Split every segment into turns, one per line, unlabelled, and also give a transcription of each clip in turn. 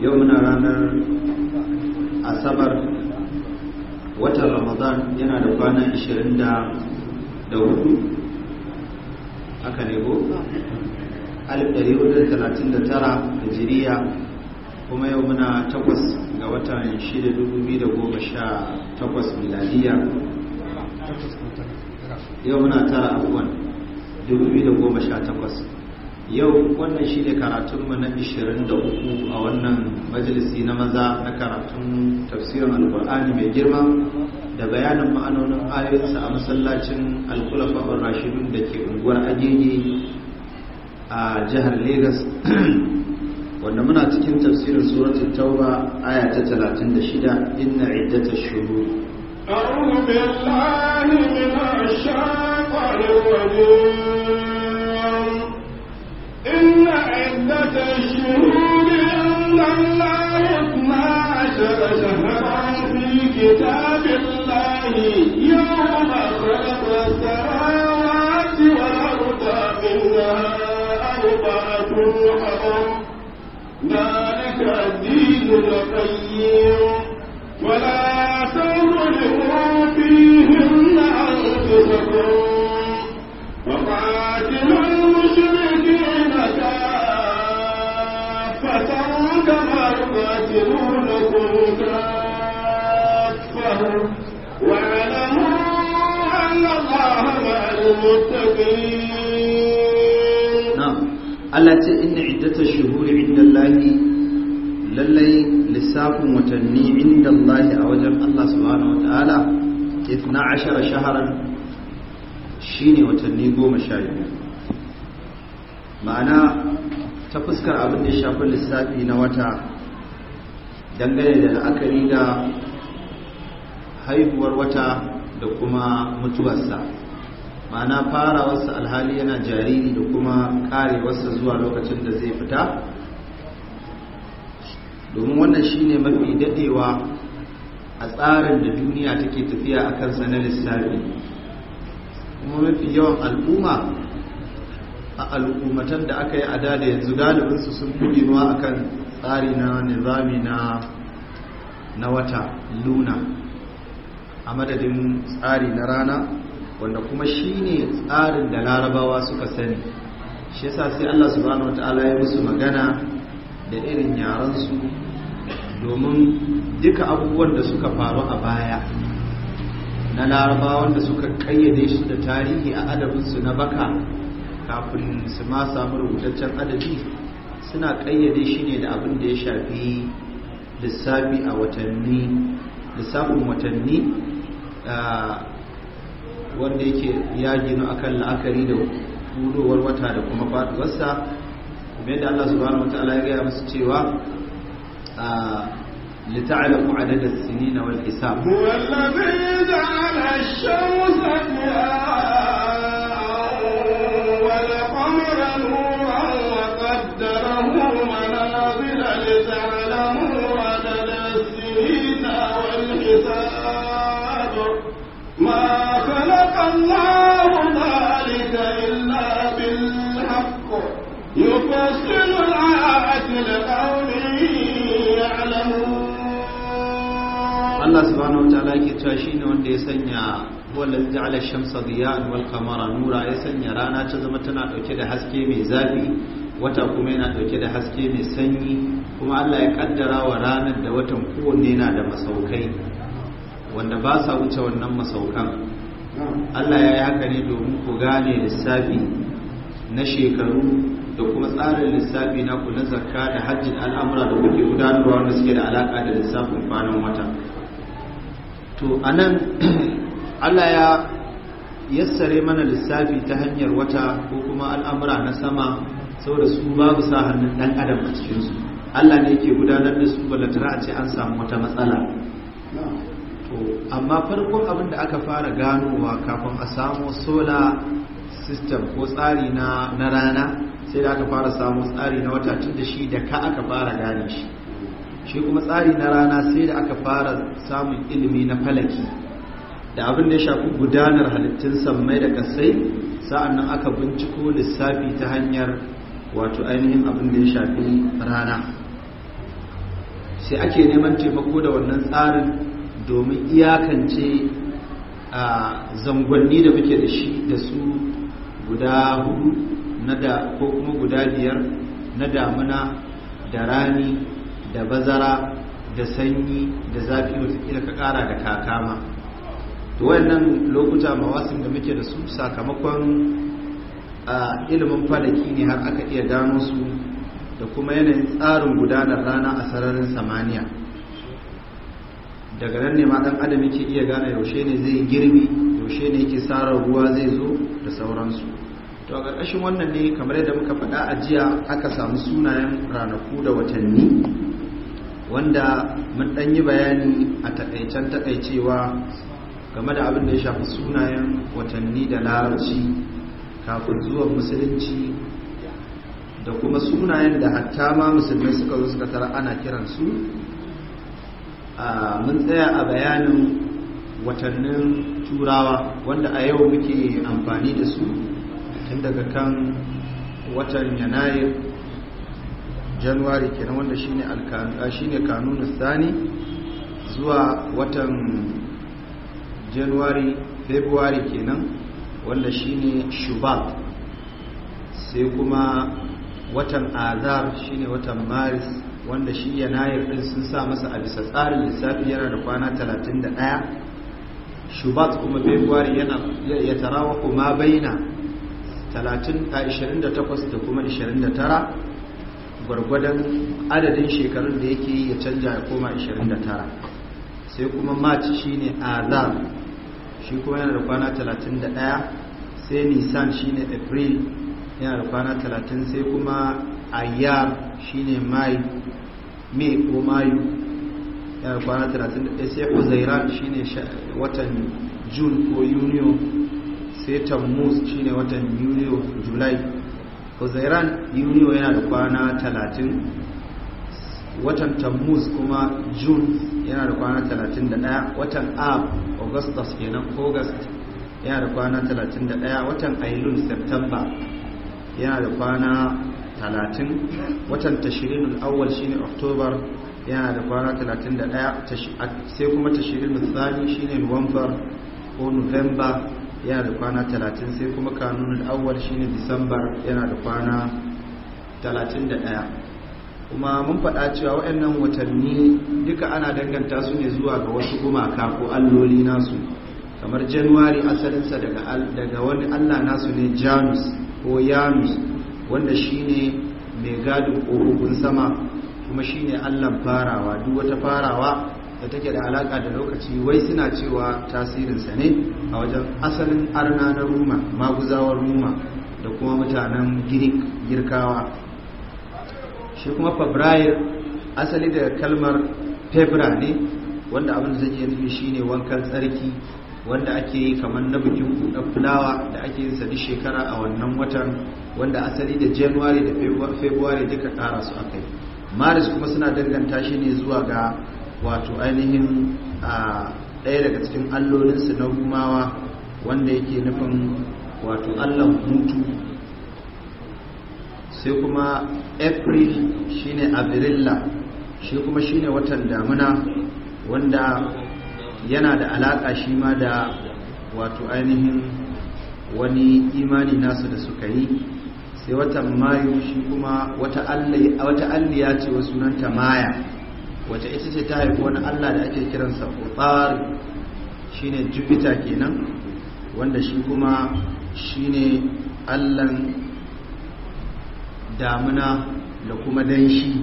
yau muna ranar asabar watan ramadan yana da kwana 24 haka ne ko 1439 hijiriya kuma yau muna takwas ga watan 6,2018 miladiya
yau muna tara
abuwan 2018 yau wannan shi ne karatunmu na 23 a wannan majalisi na maza na karatun tafsirin alkur'ani mai girma da bayanin ma'anonin ayoyinsa a masallacin alkulafa'ar rashidun da ke unguwar agege a jihar Legas, wanda muna cikin tafsirin suratul tauba aya ta 36 inna iddata shuru
إن عدة الله اثنا عشر شهرا في كتاب الله يوم خلق السماوات والأرض منها أربعة حرم ذلك الدين القيم ولا يمثلونكم كافة واعلموا أن الله مع المتقين
نعم التي إن عدة الشهور عند الله lallai lissafin watanni inda Allah a wajen Allah subhanahu wata'ala ifna ashara shaharar shine watanni goma sha biyu ma'ana ta fuskar abin da shafin lissafi na wata dangane da la'akari da haihuwar wata da kuma mutuwarsa ma'ana wasu alhali yana jariri da kuma kare wasu zuwa lokacin da zai fita domin wannan shine mafi dadewa a tsarin da duniya take tafiya a kansa na lissafi kuma mafi yawan al'umma a al'ummatan da aka yi a da yanzu galibinsu sun fi a kan. tsari na nizami na na wata luna a madadin tsari na rana wanda kuma shine tsarin da larabawa suka sani shi yasa sai Allah subhanahu wataala ya musu magana da irin yaransu domin duka abubuwan da suka faru a baya na larabawa da suka kayyade shi da tarihi a adabinsu na baka kafin su ma samu rubutaccen adabi suna kayyade shi ne da abin da ya shafi lissafi a watanni lissafin watanni wanda yake ya gino akan la'akari da hudowar wata da kuma faduwarsa kuma yadda Allah subhanahu wataala ya gaya musu cewa لتعلموا عدد السنين a هو الذي
جعل الشمس allah يعلمون
الله yake cewa shine wanda ya sanya wallahi ja'ala shamsa diya'an wal qamara nura ya sanya rana ta zama tana dauke da haske mai zafi wata kuma yana dauke da haske mai sanyi kuma Allah ya kaddara wa ranar da watan kowanne yana da masaukai wanda ba sa wuce wannan masaukan Allah ya yi haka ne domin ku gane lissafi na shekaru da kuma tsarin lissafi na ku na zakka da hajjin al'amura da kuke gudanarwa wanda suke da alaka da lissafin kwanan wata to anan Allah ya yassare mana lissafi ta hanyar wata ko kuma al'amura na sama saboda su babu sa hannun dan adam a cikin Allah ne yake gudanar da su tara a ce an samu wata matsala to amma farkon abin da aka fara ganowa kafin a samu solar system ko tsari na rana sai da aka fara samun tsari na wata tun da shi da ka aka fara gane shi shi kuma tsari na rana sai da aka fara samun ilimi na falaki da abin da ya shafi gudanar halittun sammai da kasai sa'an nan aka binciko lissafi ta hanyar wato ainihin abin da ya shafi rana sai ake neman taimako da wannan tsarin domin iyakance a zangonni da muke da shi da su guda hudu na da ko kuma guda biyar na damuna da rani da bazara da sanyi da zafi wataƙila ka kara da kakama to wannan lokuta mawasin da muke da su sakamakon ilimin falaki ne har aka iya gano su da kuma yanayin tsarin gudanar rana a sararin samaniya daga nan ne ma dan adam yake iya gane yaushe ne zai girbi yaushe ne yake sarar ruwa zai zo da sauransu to a ƙarƙashin wannan ne kamar yadda muka faɗa a jiya aka samu sunayen ranaku da watanni wanda mun ɗan yi bayani a taƙaicen taƙaicewa game da abin da ya shafi sunayen watanni da larabci kafin zuwan musulunci da kuma sunayen da hatta ma musulmai suka zo suka tara ana kiransu mun tsaya a bayanin watannin turawa wanda a yau muke amfani da su tun daga kan watan yanayir januwari kenan wanda shine alkanu shine kanunin sani zuwa watan januwari february kenan wanda shine Shubat sai kuma watan azar shine watan maris wanda shi yanayir din sun sa masa a bisa tsarin lissafi yana da kwana 31 shubat kuma february yana ya tarawa kuma baina 28 da kuma 29 gwargwadon adadin shekarun da yake ya canja ya koma 29 sai kuma march shine azar shi kuma yana da kwana 31 sai nisan shine april yana da kwana 30 sai kuma ayyar shine mai mai ko mayu yana da kwana 31 sai shi shine watan june ko yuniyo sai tammuz ne watan yuniyo julai huzairan yuniyo yana da kwana talatin watan tammuz kuma june yana da kwana 31 watan ab augustus kenan august yana da kwana 31 watan ailun september yana da kwana 30 watan tashirinul awwal shine october yana da kwana 31 sai kuma tashirinul thani shine november ko november yana da kwana 30 sai kuma kanunul awwal shine disambar yana da kwana 31 kuma mun faɗa cewa waɗannan watanni duka ana danganta su ne zuwa ga wasu gumaka ko alloli nasu kamar januwari asalinsa daga wani allah nasu ne janus ko yanus wanda shine mai gadin ƙogogun sama kuma shine allan farawa duk wata farawa da take da alaka da lokaci wai suna cewa tasirinsa ne a wajen asalin arna na ruma maguzawar ruma da kuma mutanen girik girkawa shi kuma fabrair asali da kalmar febra ne wanda abin da zai nufi shine wankan tsarki wanda ake yi kamar na bikin buɗe fulawa da ake yin sadi shekara a wannan watan wanda asali da january da february duka ƙara su akai maris kuma suna danganta shi ne zuwa ga wato ainihin a ɗaya daga cikin allolinsu na rumawa wanda yake nufin wato allon hutu sai kuma april shine abirilla shi kuma shine watan damuna wanda yana da alaƙa shi ma da wato ainihin wani imani nasu da suka yi sai watan mayu shi kuma wata alliya ce wasu sunanta maya wace ita ce ta haifi wani allah da ake kiransa utsari shine jupiter kenan wanda shi kuma shine allan damuna da kuma danshi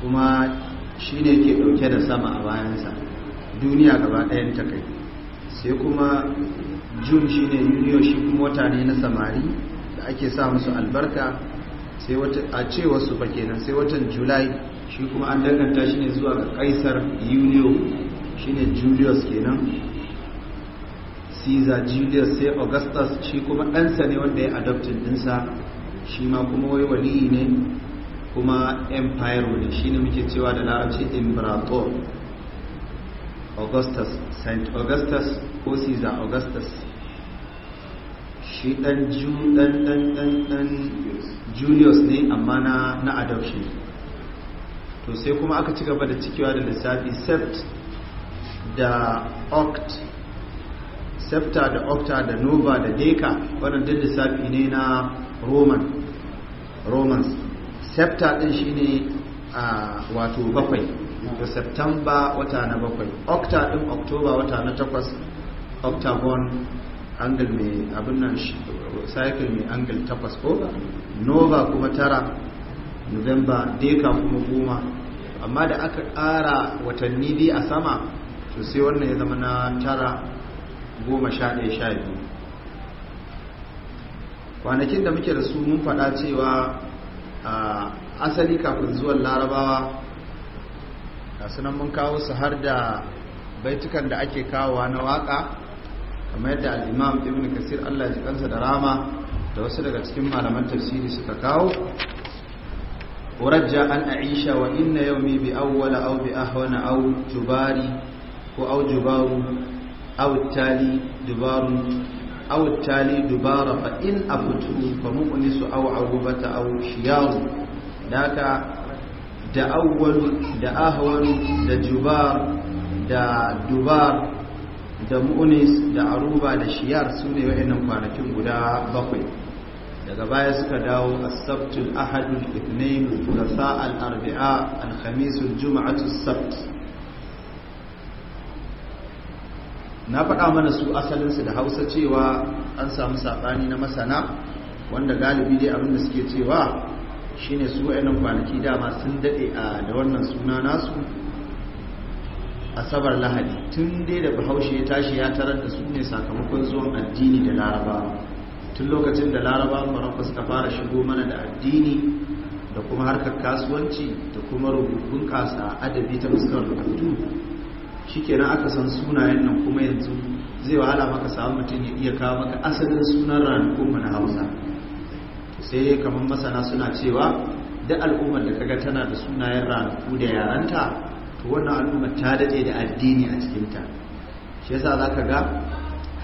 kuma shine ke dauke da sama a bayansa duniya gaba ɗayan ta kai sai kuma jun shine yuniyo shi kuma wata ne na samari da ake sa musu albarka sai a ce wasu fa kenan sai watan julai shi kuma an danganta shi ne zuwa ga kaisar yulio shi ne julius kenan caesar julius sai augustus shi kuma ɗansa ne wanda ya adoptin ɗinsa shi ma kuma wai waliyi ne kuma empire ne shi ne muke cewa da larabci imperator augustus saint augustus ko caesar augustus shi ɗan julius ne amma na adoption to sai kuma aka ci gaba da cikewa da lissafi sept da oct septa da octa da nova da deka wannan duk lissafi ne na roman romans septa din shine a wato bakwai da september wata na bakwai octa din october wata na takwas octagon angle mai abin nan cycle mai angle takwas ko nova kuma tara november dai kafin goma amma da aka ƙara watanni dai a sama to sai wannan ya zama na tara goma sha ɗaya sha biyu kwanakin da muke da su mun faɗa cewa a asali kafin zuwan larabawa sunan mun kawo su har da baitukan da ake kawowa na waka kamar yadda al'imam ibn kasir allah jikansa da rama da wasu daga cikin malaman tafsiri suka kawo urajja an aisha wa inna yaumi bi awwala aw bi ahwana aw jubari ko aw jubaru aw tali dubarun aw tali dubara fa in aftu fa muqnisu da awwalu da da jubar da dubar da mu'unis da aruba da shiyar sune ne wa'annan kwanakin guda bakwai daga baya suka dawo asabtul ahadul ithnain thulatha al arba'a alhamisun sabt na faɗa mana su asalinsu da hausa cewa an samu saɓani na masana wanda galibi dai abinda suke cewa shine su wa'annan kwanaki dama sun daɗe a da wannan suna nasu asabar lahadi tun dai da bahaushe ya tashi ya tarar da su ne sakamakon zuwan addini da larabawa tun lokacin da laraba faranfa suka fara shigo mana da addini da kuma harkar kasuwanci da kuma rubutun kasa adabi ta shi rubutu shikenan aka san sunayen nan kuma yanzu zai wahala maka samun mutum ya iya kawo maka asalin sunan ranakun mana na Hausa sai dai kamar masana suna cewa da al'ummar da kaga tana da sunayen ranaku da yaranta to wannan al'ummar ta dade da addini a cikinta shi yasa ka ga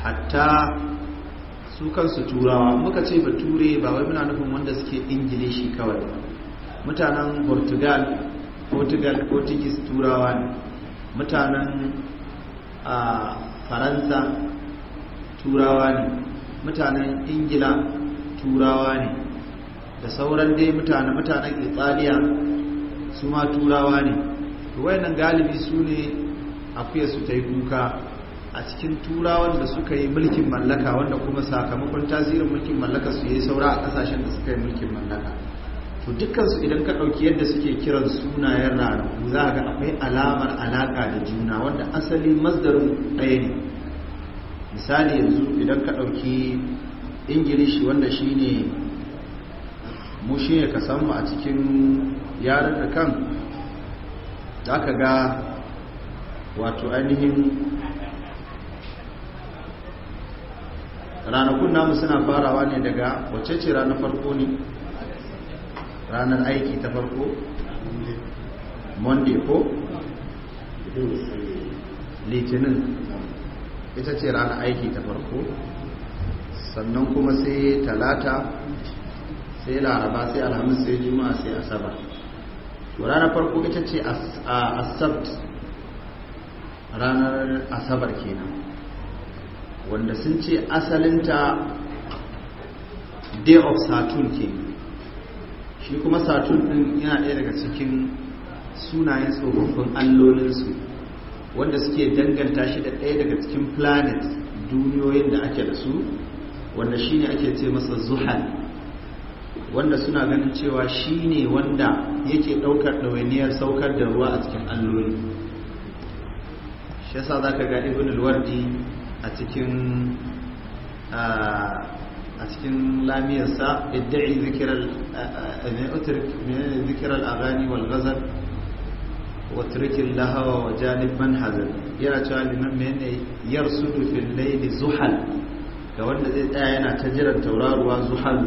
hatta su kansu turawa muka ce ba ture ba wai muna nufin wanda suke ingilishi kawai mutanen portugal portugal portuguese turawa ne mutanen faransa turawa ne mutanen ingila turawa ne da sauran dai mutane mutanen italiya su ma turawa ne wayannan galibi su ne akuyar su ta yi kuka a cikin turawan da suka yi mulkin mallaka wanda kuma sakamakon tasirin mulkin mallaka su yi saura a kasashen da suka yi mulkin mallaka to dukkansu idan ka ɗauki yadda suke kiran sunayen ranaku za ga akwai alamar alaka da juna wanda asali masdarin ɗaya ne misali yanzu idan ka ɗauki ingilishi wanda shine mu ne ka samu a cikin kan za ka ga wato ainihin ranakun namu suna farawa ne daga wacce ce ranar farko ne ranar aiki ta farko monday ko litinin ita ce ranar aiki ta farko sannan kuma sai talata sai laraba sai alhamis sai juma'a sai asabar to ranar farko ita ce asabt ranar asabar kenan wanda sun ce asalinta day of saturn ke shi kuma saturn din yana ɗaya daga cikin sunayen tsofaffin allolinsu wanda suke danganta shi da ɗaya daga cikin planet duniyoyin da ake da su wanda shi ne ake ce masa zuhal wanda suna ganin cewa shi ne wanda yake ɗaukar ɗawainiyar saukar da ruwa a cikin alloli shi yasa za ka ga ibn alwardi a cikin a cikin lamiyarsa idda'i zikirar agani wal gazar lahawa wa janib yana cewa liman mene yar sudu fil laili zuhal ga wanda zai tsaya yana ta jiran tauraruwa zuhal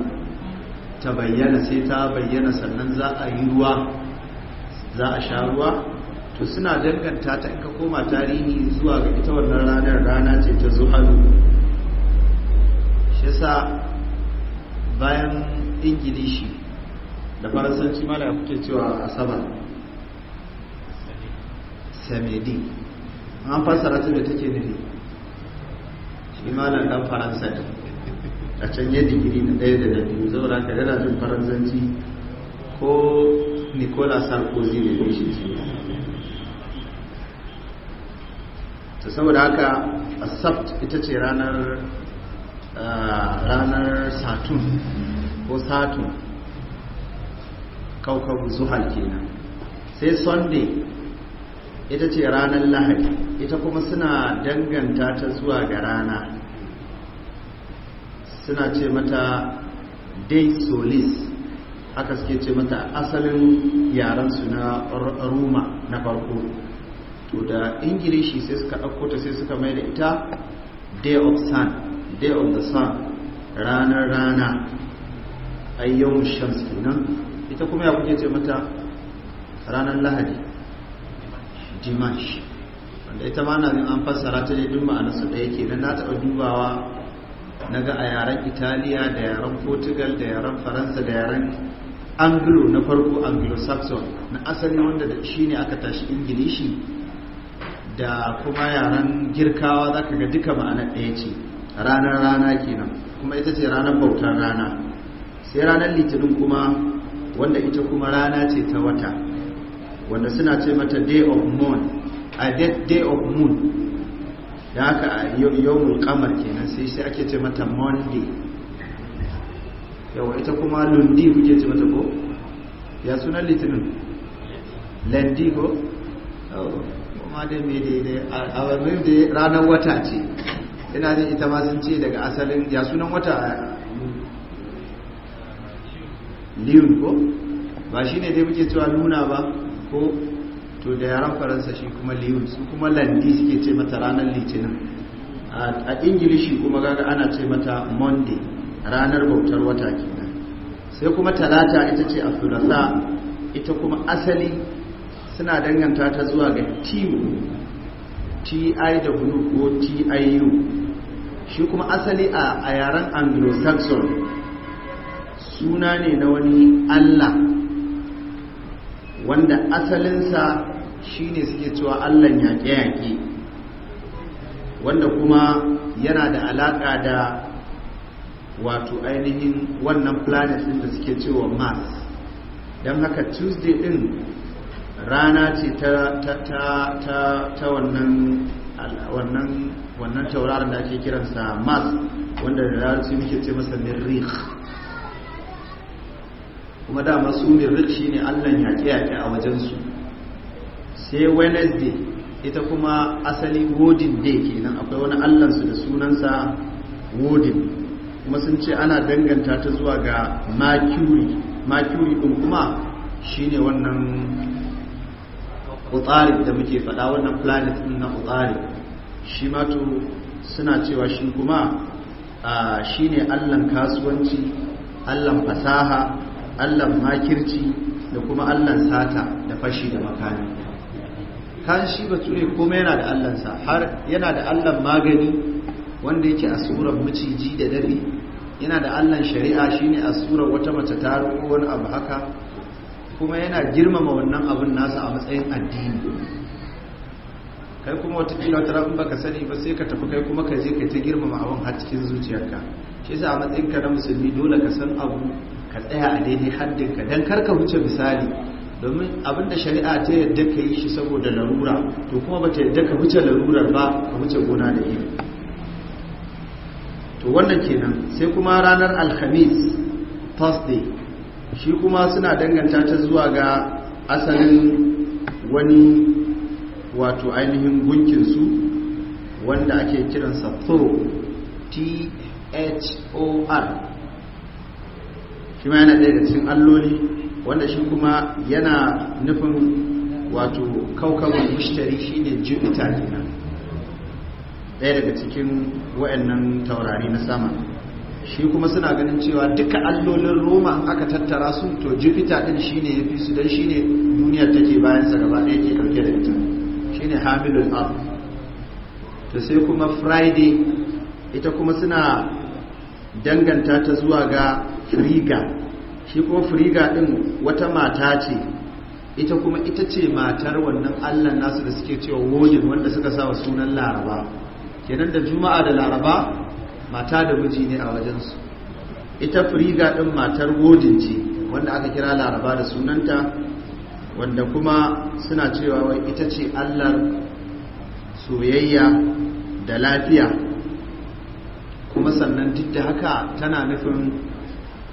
ta bayyana sai ta bayyana sannan za a yi ruwa za a sha ruwa to suna danganta ta in ka koma tarihi zuwa ga ita wannan ranar rana ce ta zuhalu shi sa bayan ingilishi da faransanci mara ya fito cewa a asabar samedi an fassara ta da take nufi shi malam dan faransa a canje digiri na ɗaya da na biyu zaura ka yana jin faransanci ko nicola sarkozy ne ne shi ta saboda haka asabt ita ce ranar ranar satun ko satun kaukabu zuhal kenan sai sunday ita ce ranar lahadi ita kuma suna danganta ta zuwa ga rana suna ce mata day solis haka suke ce mata asalin yarensu na roma na farko to da ingilishi sai suka ɗauko sai suka mai da ita day of sun day of the sun ranar rana ayyau shams kenan ita kuma ya kuke ce mata ranar lahadi dimash wanda ita ma na an fassara ta ne duk ma'anarsa da yake nan na taɓa dubawa na ga a yaren italiya da yaren portugal da yaren faransa da yaren anglo na farko anglo-saxon na asali wanda da shi ne aka tashi ingilishi da kuma yaren girkawa za ka ga duka ma'ana ɗaya ce ranar rana kenan kuma ita ce ranar bautar rana sai ranar litinin kuma wanda ita kuma rana ce ta wata wanda suna ce mata day of moon a day of moon da haka a yawon kamar kenan sai sai ake ce mata monday yawon ita kuma lundi kuke ce mata ko ya sunan litinin lundi ko amma dai ranar wata ce ina ita ma sun ce daga asalin ya sunan wata liyun ko ba shi ne dai muke cewa nuna ba ko to da yaran faransa shi kuma liyun su kuma landi suke ce mata ranar litinin a ingilishi kuma gaga ana ce mata monday ranar bautar wata kenan sai kuma talata ita ce a ita kuma asali suna danganta ta zuwa ga tiwu tiw ko tiu shi kuma asali a yaren anglo-saxon suna ne na wani allah wanda asalinsa shine suke cewa allan yaƙe-yaƙe wanda kuma yana da alaƙa da wato ainihin wannan planet ɗin da suke cewa mars don haka tuesday ɗin rana ce ta wannan tauraron da ake kiransa mas, wanda da ce muke ce masa mirrikh kuma da masu mirrikh shine allon yaƙe-yaƙe a wajensu sai wednesday ita kuma asali wodin day kenan akwai wani allansu da sunansa wodin kuma sun ce ana danganta ta zuwa ga mercury mercury ɗin kuma shine wannan Utsari da muke faɗa wannan planet ɗin na utsari shi ma to suna cewa shi kuma shi ne allan kasuwanci allan fasaha allan makirci da kuma allan sata da fashi da makani. kan shi bature kuma yana da allansa har yana da allan magani wanda yake a surar maciji da dare yana da allan shari'a shine a surar wata mace ta wani abu haka kuma yana girmama wannan abin nasa a matsayin addini kai kuma wata wata rafin baka sani ba sai ka tafi kai kuma ka je ka ta girmama abin har cikin zuciyarka shi sa a matsayin ka na musulmi dole ka san abu ka tsaya a daidai haddin ka dan kar ka wuce misali domin abin da shari'a ta yadda ka yi shi saboda larura to kuma ba ta yadda ka wuce larurar ba ka wuce gona da iri to wannan kenan sai kuma ranar alhamis thursday shi kuma suna danganta ta zuwa ga asalin wani wato ainihin gunkinsu wanda ake kiransa thor t h o shi yana ɗaya da cikin alloli wanda shi kuma yana nufin wato kaukawan mushtari shi ne jupiter kenan ɗaya daga cikin wa'annan taurari na sama shi kuma suna ganin cewa duka allolin roma aka tattara su to jupiter din shine ya fi su don shine duniyar take bayansa gaba ɗaya ke ɗauke da ita shine hamilul earth to sai kuma friday ita kuma suna danganta ta zuwa ga friga shi kuma friga din wata mata ce ita kuma ita ce matar wannan allah nasu da suke cewa wojin wanda suka sa wa sunan laraba kenan da juma'a da laraba mata da miji ne a wajen su. ita firiga ɗin matar wodin ce wanda aka kira laraba da sunanta wanda kuma suna cewa wai ita ce allar soyayya da lafiya kuma sannan duk da haka tana nufin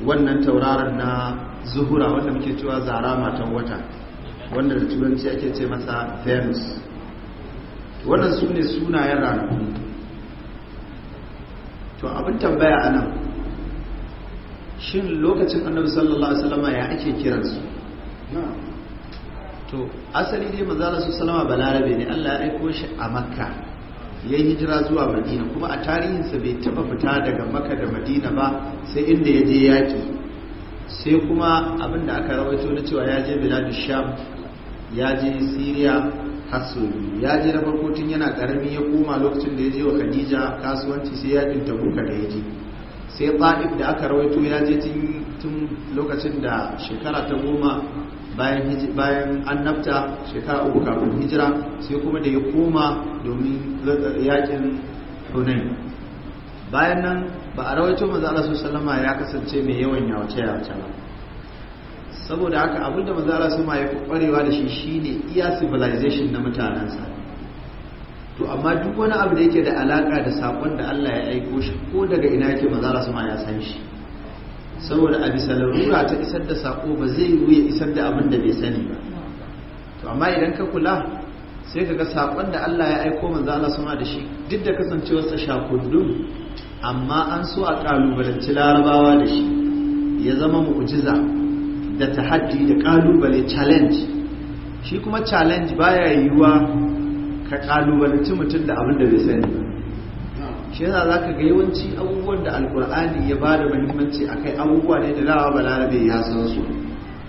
wannan tauraron na zuhura wanda muke cewa zara matan wata wanda da turanci ake ce masa venus wannan su ne sunayen ranaku to abin tambaya a nan shin lokacin annabi sallallahu alaihi wasallama ya ake kiransu to asali dai manzala su salama balarabe ne allah ya aiko shi a makka ya hijira zuwa madina kuma a tarihinsa bai taba fita daga makka da madina ba sai inda ya je yaƙi sai kuma abin da aka rawaito na cewa ya je biladu sham ya je siriya hasuri ya je na farko tun yana karami ya koma lokacin da ya je wa khadija kasuwanci sai ya yakin tabuka da ya je sai ta'if da aka rawaito ya je tun lokacin da shekara ta goma bayan annabta shekara uku kafin hijira sai kuma da ya koma domin yakin hunain bayan nan ba a rawaito maza Allah sallama ya kasance mai yawan yawace yawace ba saboda haka abin da Allah su ma ya kwarewa da shi shine iya civilization na mutanensa, to amma duk wani abu da yake da alaka da sakon da Allah ya aiko shi ko daga ina yake manzo su ya san shi saboda a bisa larura ta isar da sako ba zai yiwu ya isar da abin da bai sani ba to amma idan ka kula sai ka ga sakon da Allah ya aiko manzo Allah su da shi duk da kasancewarsa shakundun amma an so a kalubalanci larabawa da shi ya zama mu'ujiza. da tahaddi da kalubale challenge shi kuma challenge baya yiwuwa ka kalubalanci mutum da abin da bai sani shi yasa za ka ga yawanci abubuwan da alkur'ani ya ba da muhimmanci a kai abubuwa ne da dawa balarabe ya san su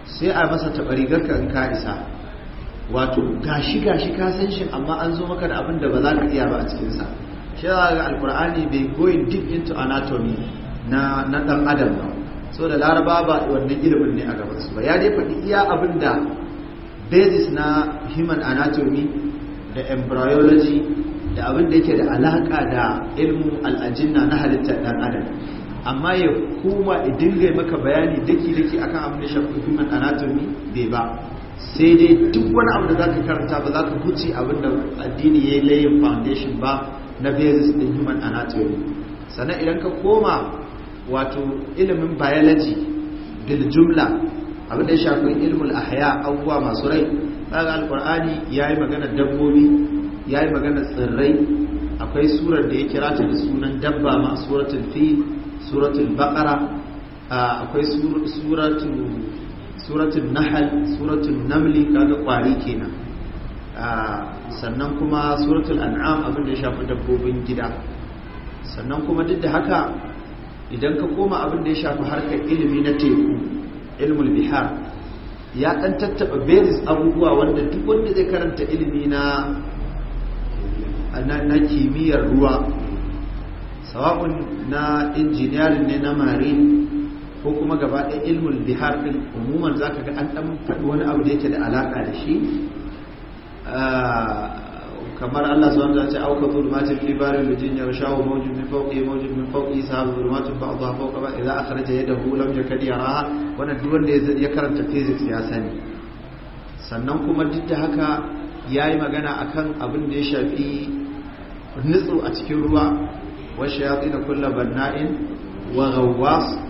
sai a masa tabari garka in ka isa wato gashi gashi ka san shi amma an zo maka da abin da ba za ka iya ba a cikinsa shi yasa ga alkur'ani bai going deep into anatomy na na dan adam ba so da laraba ba wannan ilimin ne a gaban su ba ya dai faɗi iya abin da basis na human anatomy da embryology da abin da yake da alaƙa da ilmin al'ajinna na halittar ɗan adam amma ya kuma idin zai maka bayani daki-daki akan abin da shafi human anatomy bai ba sai dai duk wani abu da za ka karanta ba za ka huce abin da addini ya yi layin foundation ba na basis ɗin human anatomy sannan idan ka koma wato ilimin biology bil jumla abin da ya shafi ilmul ahya abubuwa masu rai tsaga alkur'ani ya yi magana dabbobi ya yi magana tsirrai akwai surar da ya kira da sunan dabba ma suratul fi suratul baqara akwai suratul suratul nahl namli kaga kwari kenan sannan kuma suratul an'am abin da ya shafi dabbobin gida sannan kuma duk da haka idan ka koma abin da ya shafi harkar ilimi na teku ilmul bihar ya ɗan tattaɓa beris abubuwa wanda duk wanda zai karanta ilimi na na kimiyyar ruwa sawa'un na injiniyarin ne na marine ko kuma gaba ɗaya ilmul bihar ɗin umuman za ka ga an ɗan faɗi wani abu da yake da alaƙa da shi ah, kamar Allah subhanahu wa ta'ala ce auka zulmatin fi barin bijin shawo mawjin min fawqi mawjin min fawqi sahabu zulmatin ba'dha fawqa ba idza akhraja yadahu lam yakad yaraha wannan duk wanda ya karanta physics ya sani sannan kuma duk da haka yayi magana akan abin da ya shafi nutsu a cikin ruwa wa shayatin kullu banna'in wa ghawwas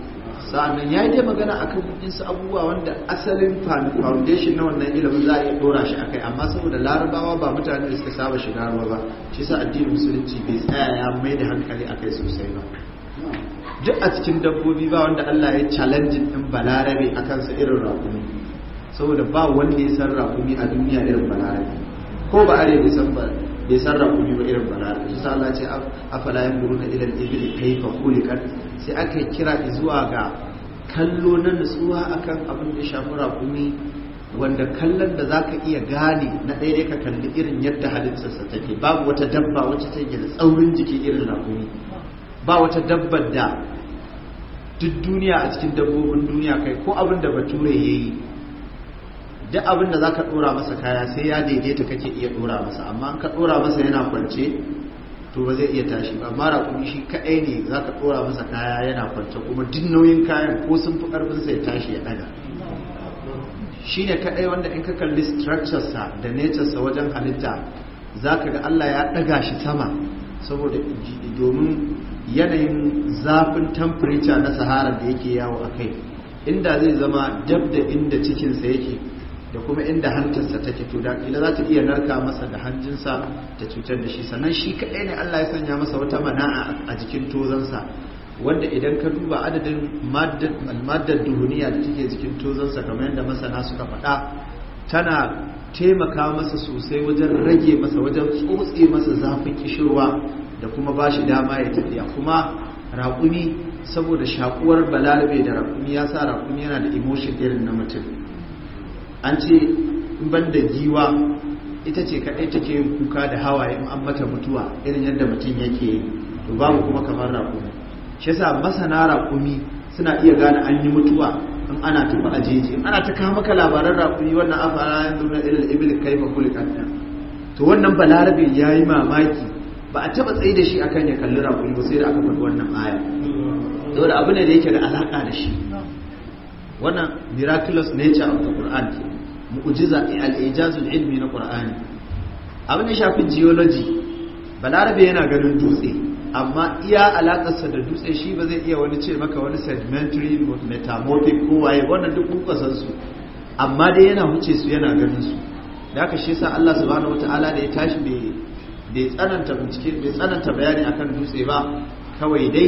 sa'annan ya yi magana a kan waɗansu abubuwa wanda asalin foundation na wannan ilimin za a iya ɗora shi akai amma saboda larabawa ba mutane da suka saba shiga ruwa ba shi sa addinin musulunci bai tsaya ya mai da hankali akai sosai ba duk a cikin dabbobi ba wanda Allah ya challenge din balarabe a kansa irin rakumi saboda ba wanda ya san rakumi a duniya irin balarabe ko ba are da san ya san rakumi irin bala'ar da. sa Allah ce afala ya muru na ilal ibil kaifa kulikan sai aka kira zuwa ga kallo na nutsuwa akan abin da shafi rakumi wanda kallon da zaka iya gane na ɗaya ka kalli irin yadda halittarsa take babu wata dabba wacce take da tsaurin jiki irin rakumi ba wata dabbar da duk duniya a cikin dabbobin duniya kai ko abin da bature ya yi duk abin da za ka ɗora masa kaya sai ya daidaita kake iya ɗora masa amma an ka ɗora masa yana kwance to ba zai iya tashi ba amma kuma shi kaɗai ne za ka ɗora masa kaya yana kwance kuma duk nauyin kayan ko sun fi ƙarfin ya tashi ya ɗaga shi ne kaɗai wanda in ka kalli structuresa da naturesa wajen halitta za ka ga Allah ya ɗaga shi sama saboda domin yanayin zafin temperature na sahara da yake yawo a kai inda zai zama dab da inda cikinsa yake da kuma inda hantarsa take to da kila za ta iya narka masa da hanjinsa ta cutar da shi sannan shi kaɗai ne Allah ya sanya masa wata mana'a a jikin tozansa wanda idan ka duba adadin maddar duniya da take jikin tozansa kamar yadda masana suka faɗa tana taimaka masa sosai wajen rage masa wajen tsotse masa zafin kishirwa da kuma ba shi dama ya tafiya kuma raƙumi saboda shakuwar balarabe da rakumi, ya sa raƙumi yana da emotion irin na mutum an ce ban da giwa ita ce kaɗai take yin kuka da hawaye in an mata mutuwa irin yadda mutum yake yi to babu kuma kamar raƙumi shi yasa masana raƙumi suna iya gane an yi mutuwa in ana tafi a jeji in ana ta kawo maka labaran raƙumi wannan afara ya nuna irin ibil kaifa kulikan to wannan balarabe ya yi mamaki ba a taɓa tsaye da shi akan ya kalli raƙumi ba sai da aka faɗi wannan aya saboda abu ne da yake da alaƙa da shi wannan miraculous nature of the Quran ke mu'jiza al-ijazul ilmi na Qur'ani abin da shafin geology balarabe yana ganin dutse amma iya alakarsa da dutse shi ba zai iya wani ce maka wani sedimentary metamorphic ko waye wannan duk kuka san amma dai yana wuce su yana ganin su da haka shi yasa Allah subhanahu wataala da ya tashi bai tsananta bincike bai tsananta bayani akan dutse ba kawai dai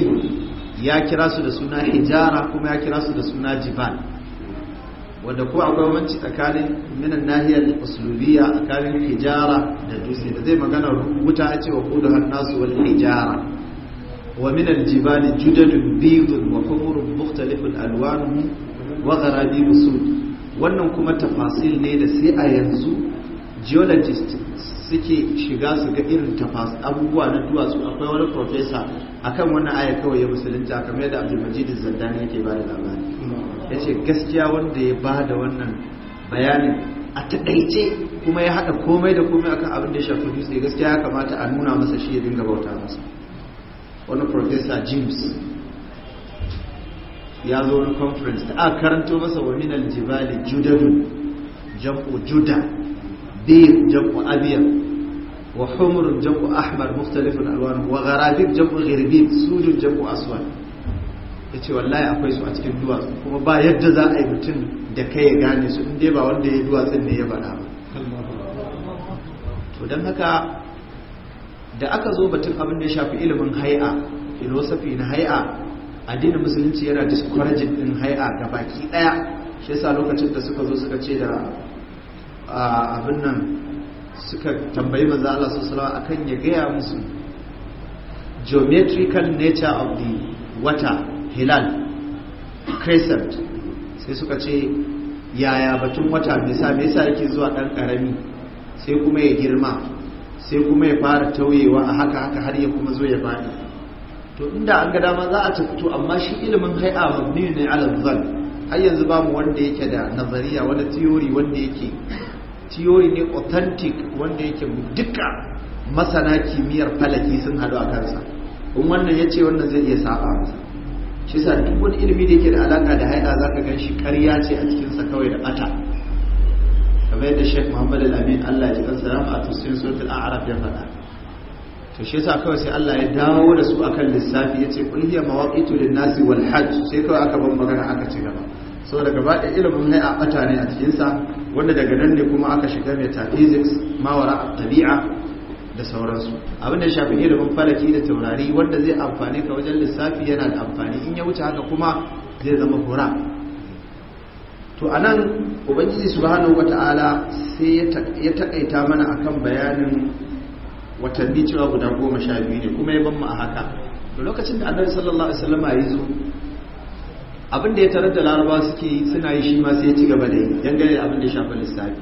ya kira su da suna hijara kuma ya kira su da suna jibal wanda ko akwai wanci tsakanin minan nahiyar usulubiya tsakanin hijara da dutse da zai magana wuta a cewa da har nasu wal hijara wa minan jibali judadun bidun wa kumurun mukhtalifun alwanu wa gharabi musud wannan kuma tafasil ne da sai a yanzu geologists suke shiga su ga irin tafas abubuwa na duwatsu akwai wani profesa akan wannan aya kawai ya musulunta kamar yadda abdulmajid zandani yake ba da labari ya ce gaskiya wanda ya ba da wannan bayanin a taɗaice kuma ya haɗa komai da komai akan abin da ya shafi dutse gaskiya ya kamata a nuna masa shi ya dinga bauta masa wani profesa james ya zo wani conference da aka karanto masa wani na jibali judadun jam'u juda bayan jam'u abiyar وحمر جمع أحمر مختلف ألوانه وغرابيب جمع غربيب سود جمع أسود yace wallahi akwai su a cikin duwatsu kuma ba yadda za a yi mutum da kai ya gane su inda ba wanda ya duwatsun ne ya bada ba to don haka da aka zo batun abin da ya shafi ilimin hai'a filosofi na hai'a addinin musulunci yana discouraging din hai'a ga baki ɗaya, shi yasa lokacin da suka zo suka ce da ah, abin nan suka tambayi manzo Allah sallallahu akan ya gaya musu geometrical nature of the water hilal crescent sai suka ce yaya batun wata mesa yasa yake zuwa ɗan karami sai kuma ya girma sai kuma ya fara tauyewa a haka haka har ya kuma zo ya fadi to inda an ga dama za a ta fito amma shi ilimin hai'a mabni ne ala zan har yanzu bamu wanda yake da nazariya wani theory wanda yake theory ne authentic wanda yake duka masana kimiyyar falaki sun hadu a kansa in wannan ya ce wannan zai iya saba masa shi sa duk wani ilimi da yake da alaka da haida za ka shi ƙarya ce a cikinsa kawai da bata kamar yadda sheikh muhammad al allah ya ji kansa rama a tusin suratul a'raf ya faɗa to shi sa kawai sai Allah ya dawo da su akan lissafi yace ce hiya mawaqitu lin-nasi wal hajj sai kawai aka ban magana aka ci gaba so gaba da ilimin ne a bata ne a cikinsa wanda daga nan ne kuma aka shiga metaphysics mawara tabi'a da sauransu abinda ya shafi ilimin falaki da taurari wanda zai amfani ka wajen lissafi yana da amfani in ya wuce haka kuma zai zama hura to anan ubangiji subhanahu wata'ala sai ya takaita mana akan bayanin watanni cewa guda goma sha biyu ne kuma ya ban mu a haka To lokacin da annabi sallallahu alaihi wasallam ya zo abin da ya tarar da laraba suke suna yi shi ma sai ci gaba da yi dangane da abin da shafi lissafi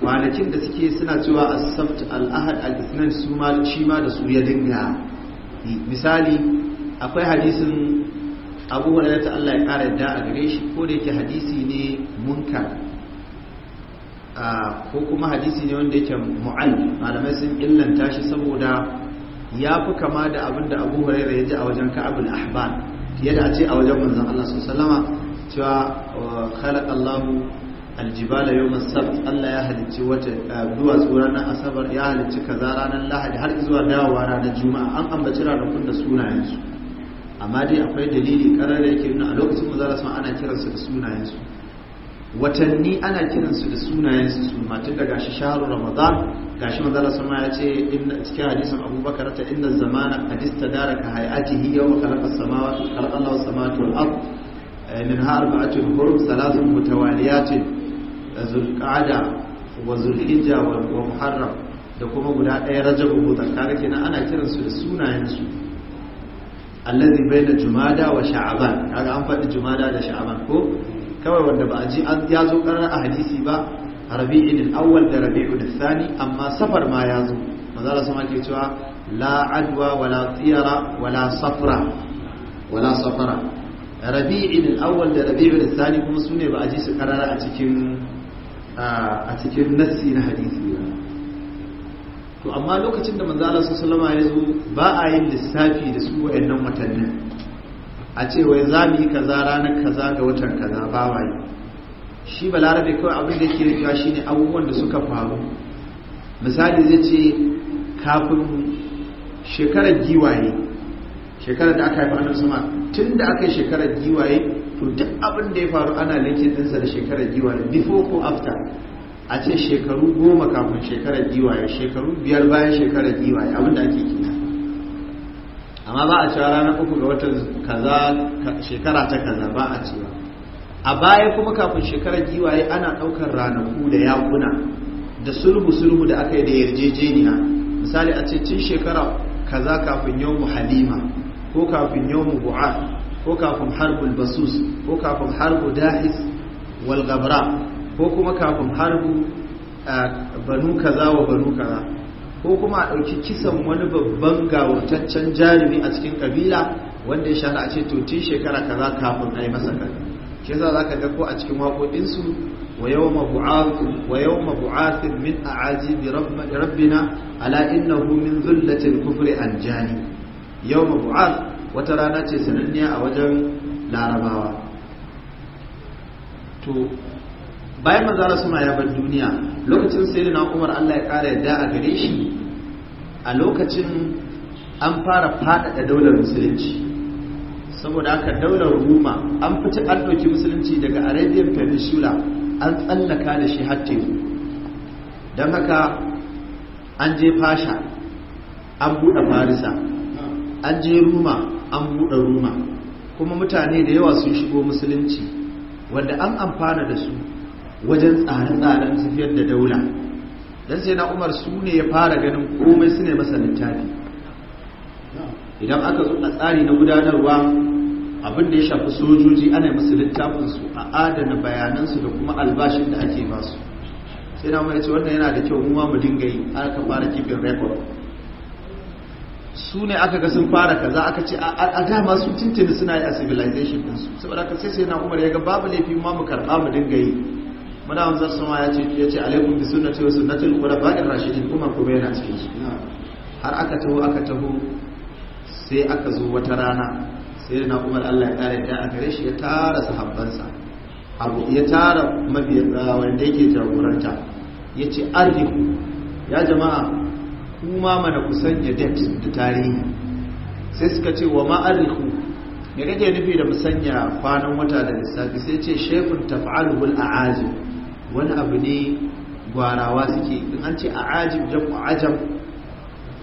kwanakin da suke suna cewa asabt al al'ahad su ma shi ma da su ya dinga misali akwai hadisin abu da ta Allah ya kara yadda a gare shi ko da yake hadisi ne munkar ko kuma hadisi ne wanda yake mu'al malamai sun illanta shi saboda ya fi kama da abin da abu ya ji a wajen ka'abul ahbar. fiye da a ce a wajen manzan Allah sun sallama cewa khalaqallahu aljibala yawm as-sabt Allah ya halicci wata eh, duwatsu ranar asabar ya halicci kaza ranar lahadi har zuwa dawowa ranar juma'a an ambaci ranakun da sunayensu amma dai akwai dalili karar da yake nuna a lokacin mu zara ana kiransu da sunayensu watanni ana kiransu da sunayensu su ma daga shi shaharu ramadan gashi manzala sama ya ce cikin hadisin abubakar ta inna zamana hadista dara ka hayatihi yau khalaqa samawati khalaqa Allahu samawati wal ard eh, minha arba'atun hurum thalathun mutawaliyatin eh, zulqa'ada wa zulhijja wa muharram da kuma guda ɗaya rajabu ko zakara kenan ana kiransu da sunayen su allazi baina jumada wa sha'aban kaga an faɗi jumada da sha'aban ko kawai wanda ba a ji ya zo karar a hadisi ba rabi'in al-awwal da rabi'u al sani amma safar ma ya zo manzala sama ke cewa la adwa wala tiyara wala safra wala safara rabi'in al-awwal da rabi'u al sani kuma sune ba a ji su karara a cikin a cikin nassi na hadisi ba to amma lokacin da manzala sallama ya zo ba a yin lissafi da su wayannan watannin a ce wai za mu yi kaza ranar kaza ga watan kaza ba wa shi balarabe kawai abin da ke shi ne abubuwan da suka faru misali zai ce kafin shekarar giwaye shekarar da aka haifa annabi sama tun da aka yi shekarar giwaye to duk abin da ya faru ana linkin ɗinsa da shekarar giwaye before ko after a ce shekaru goma kafin shekarar giwaye shekaru biyar bayan shekarar giwaye abin da ake kina amma ba a cewa ranar uku ga watan kaza shekara ta kaza ba a cewa a baya kuma kafin shekarar giwaye ana ɗaukar ranaku da yakuna da sulhu sulhu da aka yi da yarjejeniya misali a ce tun shekara kaza kafin mu halima ko kafin mu bu'a ko kafin harbul basus ko kafin harbu dahis wal gabra ko kuma kafin harbu banu kaza wa banu kaza ko kuma a ɗauki kisan wani babban gawurtaccen jarumi a cikin kabila wanda ya shahara a ce to tun shekara kaza kafin a yi masa kaza shi za ka ga ko a cikin waƙoƙinsu wa yawma bu'athu wa yawma bu'ath min a'ajibi rabbina ala hu min dhullatil kufri jani yawma mabu'at wata rana ce sananniya a wajen larabawa to bayan manzara suna ya bar duniya lokacin sai na umar allah ya kara yadda a gare shi a lokacin an fara faɗaɗa daular musulunci saboda aka daular Ruma, an fita an ɗauki musulunci daga arabian peninsula an tsallaka da shi har teku don haka an je fasha an buɗe farisa an je roma an buɗe roma kuma mutane da yawa sun shigo musulunci wanda an amfana da su wajen tsare-tsaren tafiyar da daula don sai na umar su ne ya fara ganin komai su ne masa littafi idan aka zo tsari na gudanarwa abin da ya shafi sojoji ana musu littafin su a adana bayanansu su da kuma albashin da ake ba su sai na mai ce wannan yana da kyau mu ma mu dinga yi aka fara kifin record su ne aka ga sun fara kaza aka ce a dama su tintini suna yi a civilization din su saboda ka sai sai na umar ya ga babu laifi ma mu karba mu dinga yi muna wanzar sama ya ce ya ce alaikum bi sunnati wa sunnatul khulafa'ir rashidin kuma kuma yana cikin su har aka taho aka taho sai aka zo wata rana sai na umar allah ya kare da a gare shi ya tara sahabbansa ya tara mabiya ah, wanda yake jagoranta ya ce ya jama'a kuma mana kusan ya da tarihi sai suka ce wa ma'arriku me kake nufi da musanya kwanan wata da lissafi sai ce taf'alu a a'ajib wani abu ne gwarawa suke in an ce a'ajib jam'u ajab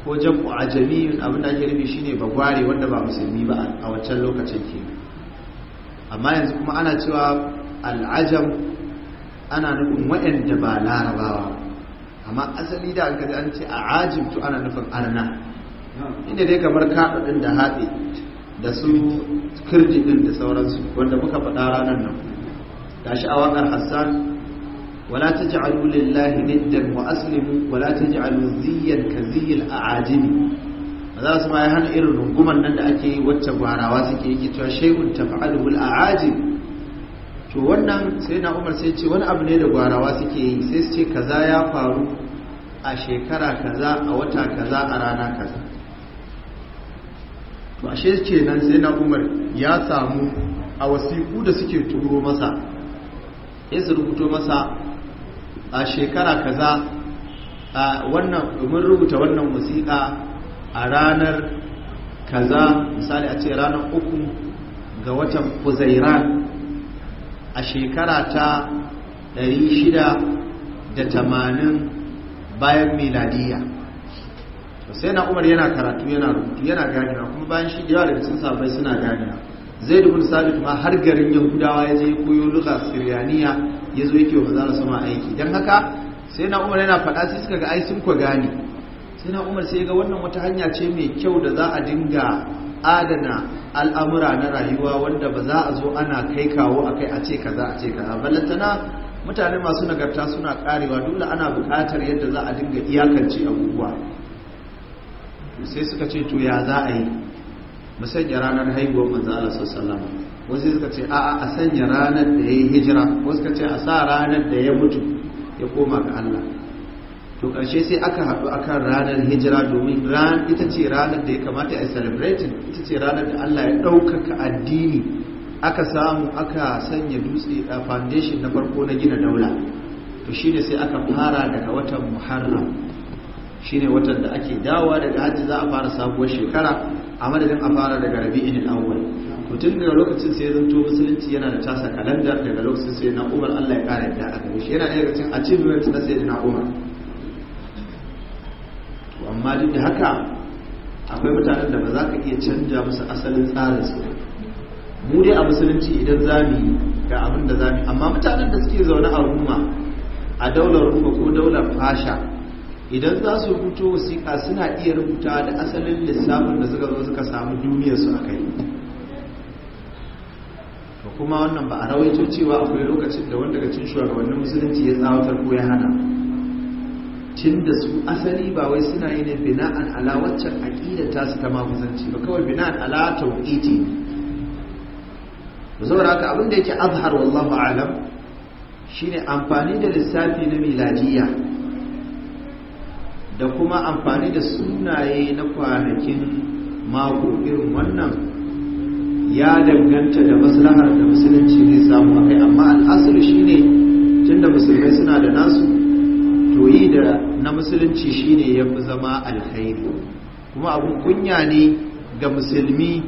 ko jam'u ajamiyun abin da ake nufi shine bagware wanda ba musulmi ba a wancan lokacin ke amma yanzu kuma ana cewa al'ajam ana nufin waɗanda ba larabawa amma asali da aka an ce a ajim ana nufin arna inda dai kamar kaɗaɗin da haɗe da su kirjidin da sauransu wanda muka faɗa ranar nan gashi a waƙar hassan ولا تجعلوا لله ندا واسلم ولا تجعلوا ذيا كذي الاعاجم za su ma ya hana irin rungumar nan da ake yi wacce gwarawa suke yi cewa shay'un taf'aluhu al'ajib to wannan sai na Umar sai ce wani abu ne da gwarawa suke yi sai su ce kaza ya faru a shekara kaza a wata kaza a rana kaza to ashe ce nan sai na Umar ya samu a wasiku da suke turo masa ya su rubuto masa a shekara kaza a wannan mun rubuta wannan musika a ranar kaza misali a ce ranar uku ga watan Kuzairan, a shekara ta 680 bayan miladiya sai na umar yana karatu yana rubutu yana ganewa kuma bayan shi da yawa da sun sabai suna ganewa zai dubu sabit ma har garin yahudawa ya je koyo luka siriyaniya ya zo yake wa na sama aiki don haka sai na umar yana faɗa sai suka ga ai sun kwa gane sai na umar sai ga wannan wata hanya ce mai kyau da za a dinga adana al'amura na rayuwa wanda ba za a zo ana kai kawo a kai a ce kaza a ce kaza ballantana mutane masu nagarta suna karewa dole ana buƙatar yadda za a dinga iyakance abubuwa sai suka ce to ya za a yi musanya ranar haihuwar manzo Allah sallallahu alaihi wasallam wasu suka ce a'a a sanya ranar da ya yi hijira wasu suka ce a sa ranar da ya mutu ya koma ga Allah to karshe sai aka haɗu akan ranar hijira domin ran ita ce ranar da ya kamata a celebrating ita ce ranar da Allah ya ɗaukaka addini aka samu aka sanya dutse a foundation na farko na gina daula to shine sai aka fara daga watan muharram shine watan da ake dawowa daga hajji za a fara sabuwar shekara a madadin a fara daga rabi'in al-awwal mutum daga lokacin sai ya zanto musulunci yana da tasa kalandar daga lokacin sai na umar allah ya kara yadda a gare shi yana daga cikin achievement na sai na umar amma duk da haka akwai mutanen da ba za ka iya canja musu asalin tsarin su mu dai a musulunci idan za mu yi ga abin da za mu amma mutanen da suke zaune a ruma a daular ruma ko daular fasha idan za su rubuto wasiƙa suna iya rubuta da asalin lissafin da suka zo suka samu duniyarsu a kai kuma wannan ba a rawaito cewa akwai lokacin da wanda daga cin shugabannin musulunci ya tsawatar ko ya hana tun da su asali ba wai suna yi ne bina'an ala waccan aƙida ta su ta musulunci ba kawai bina'an ala tauƙiti saboda haka abin da yake azhar wallahu alam shine amfani da lissafi na miladiya da kuma amfani da sunaye na kwanakin mako irin wannan ya danganta da maslahar da musulunci zai samu a kai amma al'asali shine tunda musulmai suna da nasu to yi da na musulunci shine ya fi zama alkhairi kuma abin kunya ne ga musulmi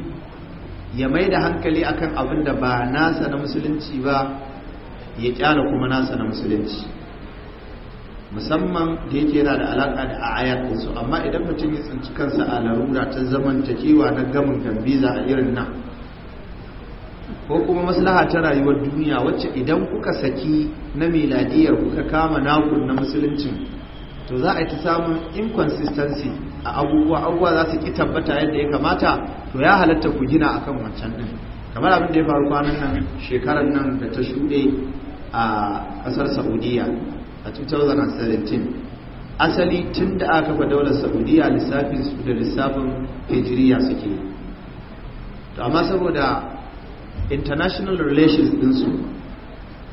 ya mai da hankali akan abin da ba nasa na musulunci ba ya kyala kuma nasa na musulunci musamman da yake yana da alaka da ayat su amma idan mutum ya tsinci kansa a larura ta zamantakewa na gamin gambiza a irin nan ko kuma maslaha ta rayuwar duniya wacce idan kuka saki na miladiyar kuka kama nakun na musuluncin to za a yi ta samun inconsistency a abubuwa abubuwa za su ki tabbata yadda ya kamata to ya halatta ku gina akan wancan din kamar abin da ya faru kwanan nan shekarar nan da ta shuɗe a ƙasar saudiya a 2017 asali tun da aka kafa daular saudiya lissafin su da lissafin hijiriya suke to amma saboda international relations ɗinsu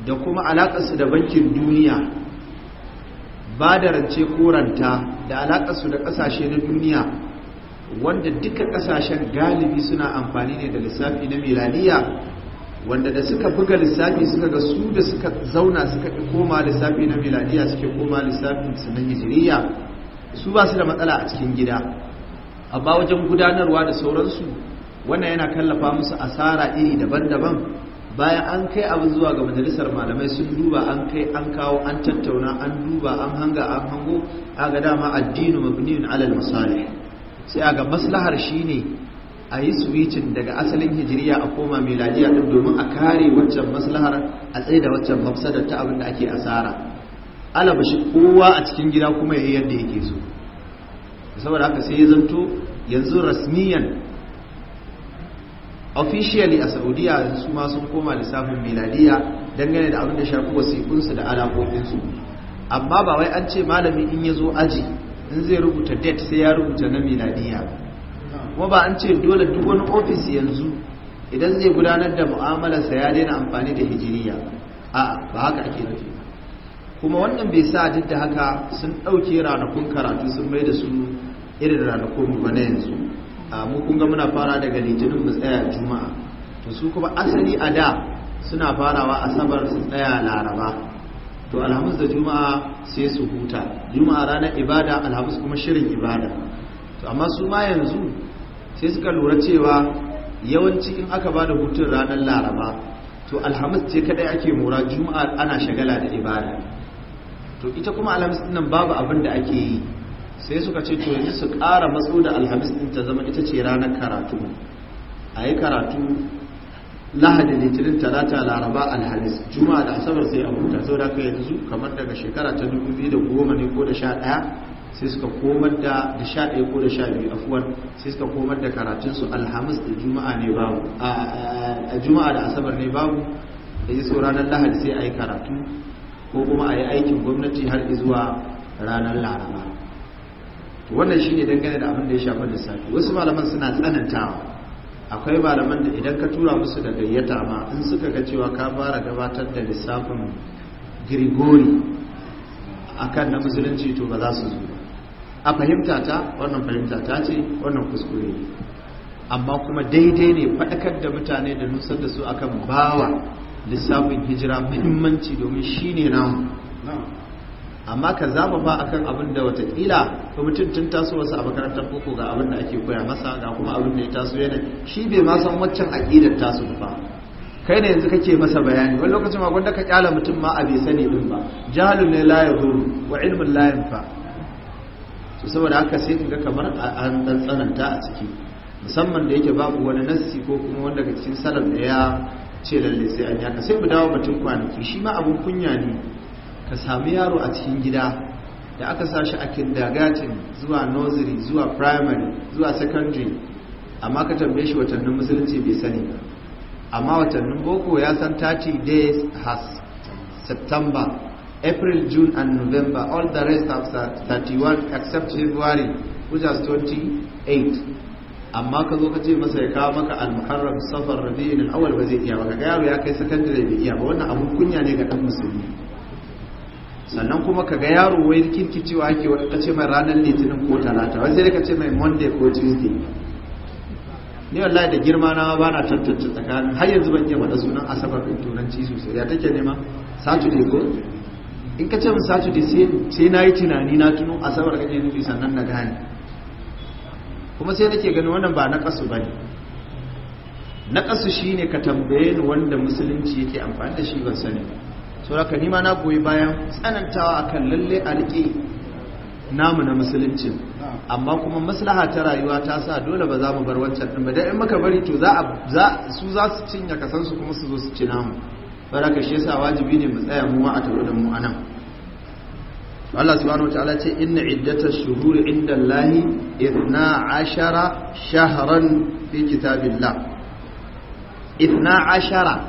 da kuma alaƙarsu da bankin duniya ba da rance koranta da alaƙarsu da ƙasashe na duniya wanda duka ƙasashen galibi suna amfani ne da lissafi na miladiya wanda da suka buga lissafi suka ga su da suka zauna suka koma lissafi na miladiya suke koma lissafin su na hijiriya su ba su da matsala a cikin gida amma wajen gudanarwa da sauransu wannan yana kallafa musu asara iri daban-daban bayan an kai abu zuwa ga majalisar malamai sun duba an kai an kawo an tattauna an duba an hanga an hango ga dama addinu mabniyun alal masalih sai a ga maslahar shine a yi switching daga asalin hijiriya a koma miladiya din domin a kare waccan maslahar a tsaye da waccan mafsadar ta abin da ake asara Ala bashi kowa a cikin gida kuma ya yi yadda yake so saboda haka sai ya zanto yanzu rasmiyan officially a saudiya su ma sun koma lissafin miladiya dangane da abin da shafi wasiƙunsu da alaƙoƙinsu amma ba wai an ce malami in ya zo aji in zai rubuta date sai ya rubuta na miladiya kuma ba an ce dole duk wani ofis yanzu idan zai gudanar da mu'amalarsa ya daina amfani da hijiriya a ba haka ake nufi kuma wannan bai sa duk da haka sun ɗauke ranakun karatu sun mai da su irin ranakun ba na yanzu a mu kun muna fara daga litinin mu tsaya juma'a to su kuma asali a da suna farawa asabar su tsaya laraba to alhamis da juma'a sai su huta juma'a ranar ibada alhamis kuma shirin ibada to amma su ma yanzu sai suka lura cewa yawanci in aka ba da hutun ranar laraba to alhamis ce kadai ake mura juma'a ana shagala da ibada to ita kuma alhamis nan babu abin da ake yi sai suka ce to yanzu su ƙara matso da alhamis ɗin ta zama ita ce ranar karatu a yi karatu lahadi litinin talata laraba alhamis juma'a da asabar sai a huta sau da aka yi yanzu kamar daga shekara ta dubu biyu da goma ne ko da sha ɗaya sai suka komar da sha ɗaya ko da sha biyu afuwar sai suka komar da karatun su alhamis da juma'a ne babu a juma'a da asabar ne babu da yi ranar lahadi sai a yi karatu ko kuma a yi aikin gwamnati har zuwa ranar laraba wannan shine dangane da abin da ya shafi lissafi wasu malaman suna tsanantawa akwai malaman da idan ka tura musu da gayyata ma in suka ga cewa ka fara gabatar da lissafin grigori akan na musulunci to ba za su zo a fahimta ta wannan fahimta ta ce wannan kuskure amma kuma daidai ne faɗakar da mutane da nusar da su akan bawa lissafin hijira muhimmanci domin shine namu amma ka a akan abin da watakila ko mutum tun taso wasu a makarantar boko ga abin da ake koya masa ga kuma abin da ya taso yana shi bai ma san waccan aƙidar taso ba kai ne yanzu kake masa bayani wani lokacin ma gwanda ka kyala mutum ma a bai sani din ba jahalun ne la yahuru wa ilmun la yanfa to saboda haka sai kinga kamar an dan tsananta a ciki musamman da yake babu wani nassi ko kuma wanda daga cikin salaf da ya ce lalle sai an yaka sai mu dawo batun kwanaki shi ma abun kunya ne ka sami yaro a cikin gida da aka sa shi a kindergarten zuwa nursery zuwa primary zuwa secondary amma ka tambaye shi watannin musulunci bai sani ba amma watannin boko ya san 30 days has september april june and november all the rest of 31 except february which has 28 amma ka zo ka ce masa ya kawo maka al-muharram safar rabi'in al-awwal ba zai iya ba ga yaro ya kai secondary bai iya ba wannan abun kunya ne ga dan musulmi sannan kuma ka ga yaro wai kirkicewa ake wani kace mai ranar litinin ko talata wani sai ka ce mai monday ko tuesday ni wallahi da girma na ba na tantance tsakanin har yanzu ban iya da sunan asabar ɗin turanci sosai ya take nema saturday ko in ka ce min saturday sai na yi tunani na tuno asabar kake nufi sannan na gane kuma sai nake ganin wannan ba na kasu ba ne na kasu shine ka tambaye ni wanda musulunci yake amfani da shi ban sani ba sauraka nima na goyi bayan tsanantawa akan lalle a riƙe namu na musulunci amma kuma maslaha ta rayuwa ta sa dole ba za mu bar wancan ɗin ba da in maka bari to su za su cinye kasansu kuma su zo su ci namu baraka shi yasa wajibi ne mu tsaya mu ma a tare da mu anan Allah subhanahu wa ta'ala ce inna iddatash shuhur inda Allah ashara shahran fi kitabillah ashara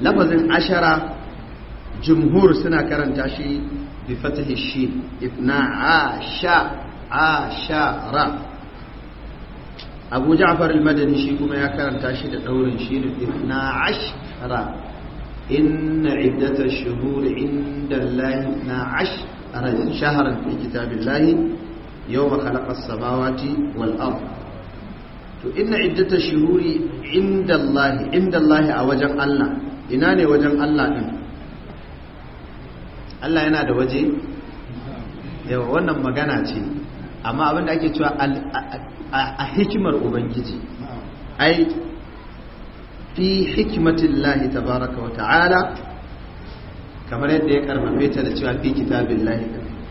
lafazin ashara jumhur suna karanta shi bi fatahi shi ibna asha ashara abu ja'far al-madani shi kuma ya karanta shi da daurin shi da ibna ashara inna iddata shuhur inda Allah na ashara shahran fi kitabillahi yawma khalaqa as-samawati wal ardh to shuhuri inda Allah a wajen Allah ina ne wajen Allah Allah yana da waje yawa wannan magana ce amma abinda ake cewa a hikimar ubangiji ai fi hikimatin lahi baraka wa ta'ala kamar yadda ya karfafe ta da cewa fi kitabin lahi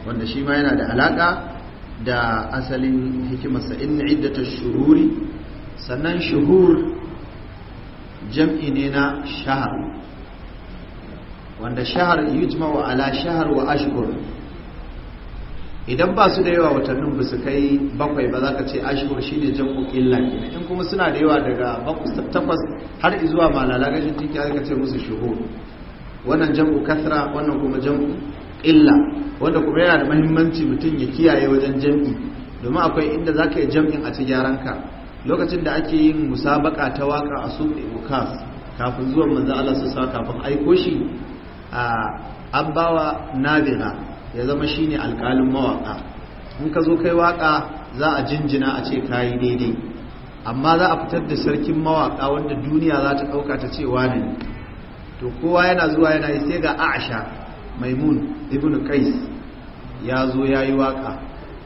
wanda shi ma yana da alaka da asalin hikimarsa in iddata shuhuri sannan shuhur jam'i ne na shahar wanda shahar wa ala shahar wa ashhur idan ba su da yawa watannin ba su kai bakwai ba za ka ce ashhur shine ne jam'u illa kenan kuma suna da yawa daga bakwai takwas har zuwa malala gashin ciki za ka ce musu shuhur wannan jam'u kasra wannan kuma jam'u illa wanda kuma yana da mahimmanci mutum ya kiyaye wajen jam'i domin akwai inda za ka yi jam'in a ci gyaran ka lokacin da ake yin musabaka ta waka a suƙe ukas kafin zuwan manzo Allah su sa kafin aiko shi an bawa Nabira ya zama shine alkalin mawaka in ka zo kai waka za a jinjina a ce kayi daidai amma za a fitar da sarkin mawaka wanda duniya za ta ɗauka ta ce wane ne to kowa yana zuwa yana yi sai ga aisha maimun ibn qais ya zo ya yi waka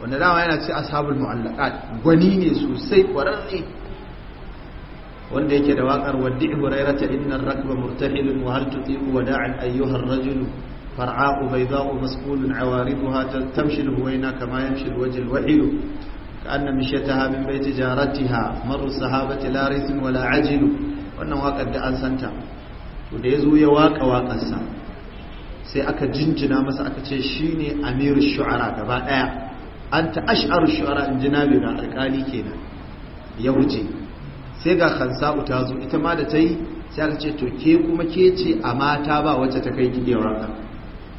wanda dama yana ce ashabul mu'allaqat gwani ne sosai kwararre wanda yake da waƙar waddi hurairata innar rakba murtahilun wa hal tutiqu wada'an ayyuha ar-rajul far'a'u bayda'u masqulun awariduha tamshi al-huwayna kama yamshi al-wajh al-wahil كأن مشيتها من بيت جارتها مر الصحابة لا ريث ولا wannan waƙar da an santa to da ya zo ya waƙa waƙarsa sai aka jinjina masa aka ce shi ne amir shu'ara gaba ɗaya an ta ash'ar shu'ara in ji nabi alƙali kenan ya wuce sai ga khansa'u ta zo ita ma da ta yi sai aka ce to ke kuma ke ce a mata ba wacce ta kai kike raka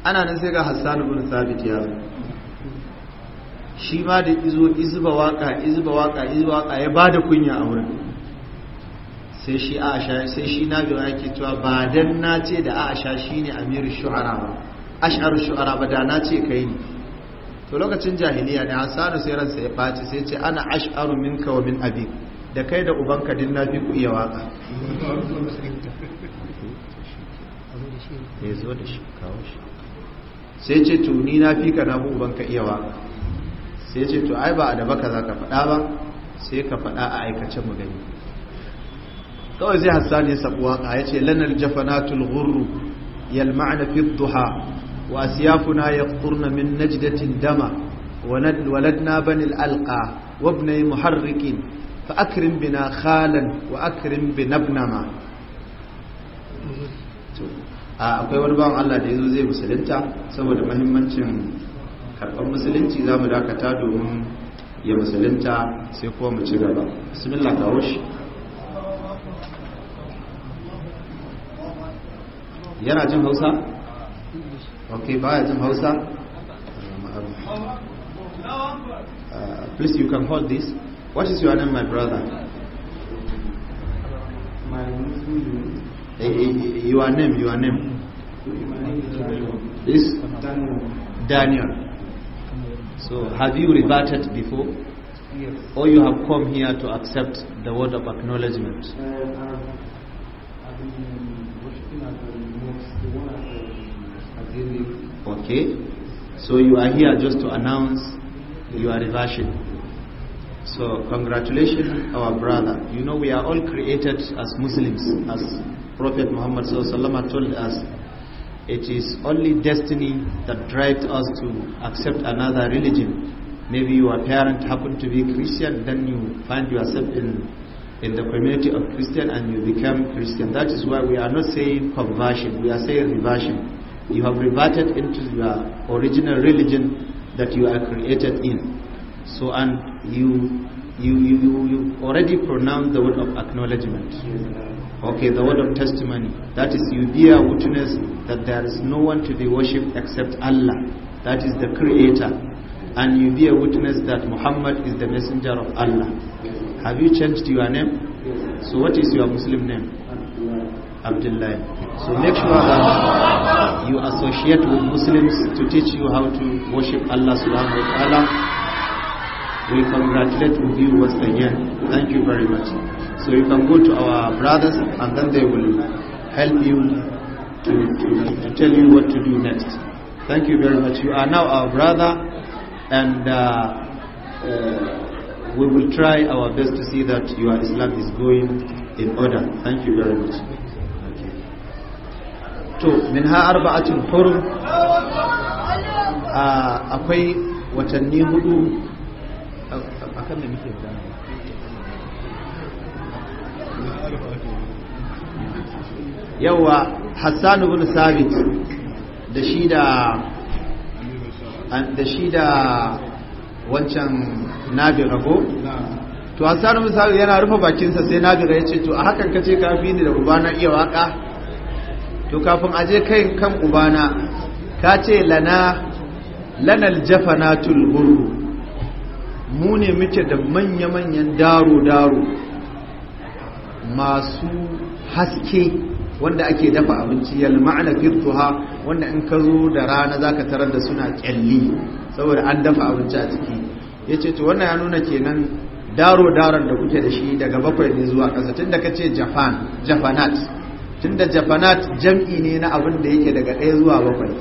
ana nan sai ga hassan ibn sabit ya zo shi ma da izo izba waka izba waka izba waka ya bada kunya a wurin sai shi aisha sai shi na biyo yake cewa ba dan na ce da aisha shine amirul shu'ara ba ash'aru shu'ara ba da na ce kai ne to lokacin jahiliya ne hassan sai ransa ya faci sai ce ana ash'aru minka wa min abik da kai da ubanka din na fi ku iya waka
ya eh, zo da shi kawo shi sai ce
to ni na fi ka na uban ubanka iya waka sai ce to ai ba a da baka za ka faɗa ba sai ka faɗa a aikace mu gani kawai zai hassani ya sabu waka ya ce lanar jafanatul yal ma'ana fi duha wa asiyafuna kurna min najdatin dama ولدنا بني الألقى yi muharrikin fa akrim bina khalan wa akrim binabnama to akwai wani bawan Allah da yazo zai musulunta saboda muhimmancin karɓar musulunci za mu dakata domin ya musulunta sai kuma mu ci gaba bismillah kawo shi yana jin hausa? ok baya jin hausa? Uh, please you can hold this What is your name, my brother?
My name.
Eh, eh, eh, your name, your name.
Daniel. This? Daniel.
Daniel. So, have you reverted before? Yes. Or you have come here to accept the word of acknowledgement? Uh, Okay. So you are here just to announce your reversion. So congratulations our brother. You know we are all created as Muslims as Prophet Muhammad told us it is only destiny that drives us to accept another religion. Maybe your parent happened to be Christian then you find yourself in in the community of Christian and you become Christian. That is why we are not saying conversion, we are saying reversion. You have reverted into your original religion that you are created in. So, and you, you, you, you already pronounced the word of acknowledgement. Okay, the word of testimony. That is, you be a witness that there is no one to be worshipped except Allah. That is the Creator. And you be a witness that Muhammad is the messenger of Allah. Have you changed your name? So what is your Muslim name? Abdullah. So make sure that you associate with Muslims to teach you how to worship Allah subhanahu wa ta'ala. We congratulate with you once again. Thank you very much. So you can go to our brothers and then they will help you to, to, to tell you what to do next. Thank you very much. You are now our brother and uh, uh, we will try our best to see that your Islam is going in order. Thank you very much. To minha arba'atul hurum
uh,
akwai watanni hudu akan da muke
magana
yawa hassan ibn sabit da shi da da shi da wancan nabira ko to hassan ibn sabit yana rufe bakinsa sai nabira ya ce to a hakan kace fi ni da ubana iya waka to kafin a je kai kan ubana ka ce lana lanal jafanatul hurru mu ne muke da manya-manyan daro-daro masu haske wanda ake dafa abinci yal ma'ana firtuha wanda in ka zo da rana zaka tarar da suna kyalli saboda an dafa abinci a ciki yace to wannan ya nuna kenan daro daron da kuke da shi daga bakwai ne zuwa ƙasa tunda kace Japan Japanat tunda Japanat jam'i ne na abin da yake daga ɗaya zuwa bakwai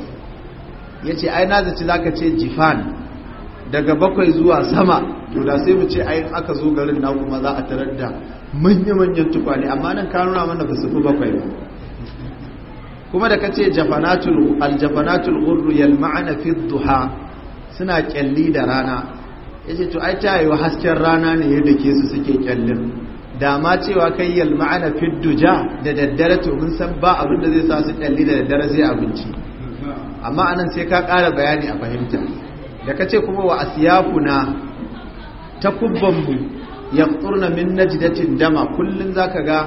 yace ai na zaci zaka ce Japan? daga bakwai zuwa sama to da sai mu ce ai aka zo garin na kuma za a tarar da manya-manyan tukwane amma nan ka nuna mana ba su fi bakwai ba kuma da kace jafanatul aljafanatul urru yalma'ana fi duha suna kyalli da rana yace to ai ta hasken rana ne yadda ke su suke kyallin da ma cewa kai yalma'ana fi duja da daddare to mun san ba abin da zai sa su kyalli da daddare zai abinci amma anan sai ka ƙara bayani a fahimta da kace kuma wa ta kubbanmu mu yaqturna min jidatin dama za ka ga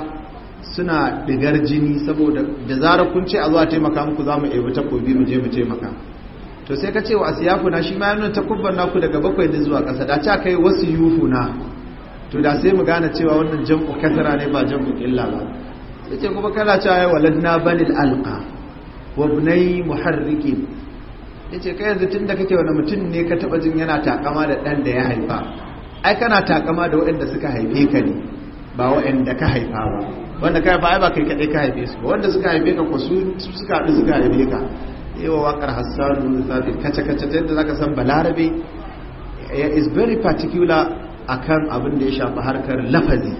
suna digar jini saboda da zarar kun ce a zuwa taimaka muku za mu ebi takobi mu je mu taimaka to sai ka ce wa asiyafuna shi ma yana kubban naku daga bakwai da zuwa ƙasa da ta kai wasu yufuna to da sai mu gane cewa wannan jam'u kasara ne ba jam'u illa ba sai ce kuma kana cewa ya waladna banil alqa wa muharrikin ya ce kai yanzu tun da kake wani mutum ne ka taɓa jin yana takama da ɗan da ya haifa ai kana takama da waɗanda suka haife ka ne ba waɗanda ka haifa ba wanda ka haifa ai ba kai kaɗai ka haife su ba wanda suka haife ka ko su suka haɗu suka haife ka yawa waƙar hassanu zafi kace kace ta yadda zaka san balarabe is very particular akan abin da ya shafi harkar lafazi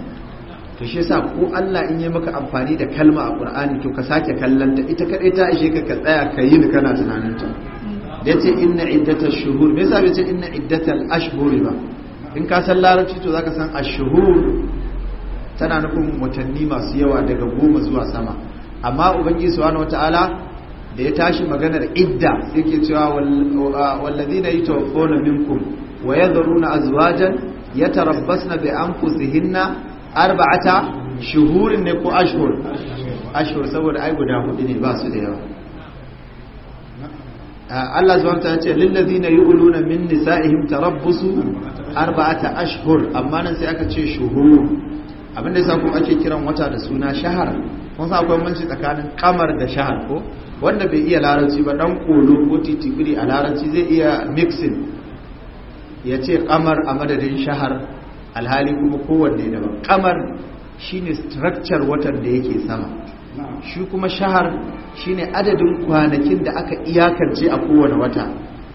to shi yasa ko Allah in yi maka amfani da kalma a Qur'ani to ka sake kallon ta ita kadai ta ishe ka ka tsaya ka yi kana tunanin ta da yace inna iddatal shuhur me yasa bai ce inna iddatal ashhur ba in ka san larabci to zaka san ashhur tana nufin watanni masu yawa daga goma zuwa sama amma ubangiji subhanahu wataala da ya tashi maganar idda yake ke cewa wallazina yatawaffawna minkum wa yadhuruna azwajan yatarabbasna bi anfusihinna arba'ata shuhurin ne ko ashhur ashhur saboda ai guda hudu ne ba su da yawa Allah subhanahu ta ce lil ladina yu'luna min nisa'ihim tarabbusu arba'ata ashhur amma nan sai aka ce shuhur abin da yasa ko ake kiran wata da suna shahar kun sa akwai manci tsakanin kamar da shahar ko wanda bai iya larabci ba dan kolo ko titibiri a larabci zai iya mixing ya ce kamar a madadin shahar alhali kuma kowanne daban kamar shine structure watan da yake sama shi kuma shahar shine adadin kwanakin da aka iyakance a kowane wata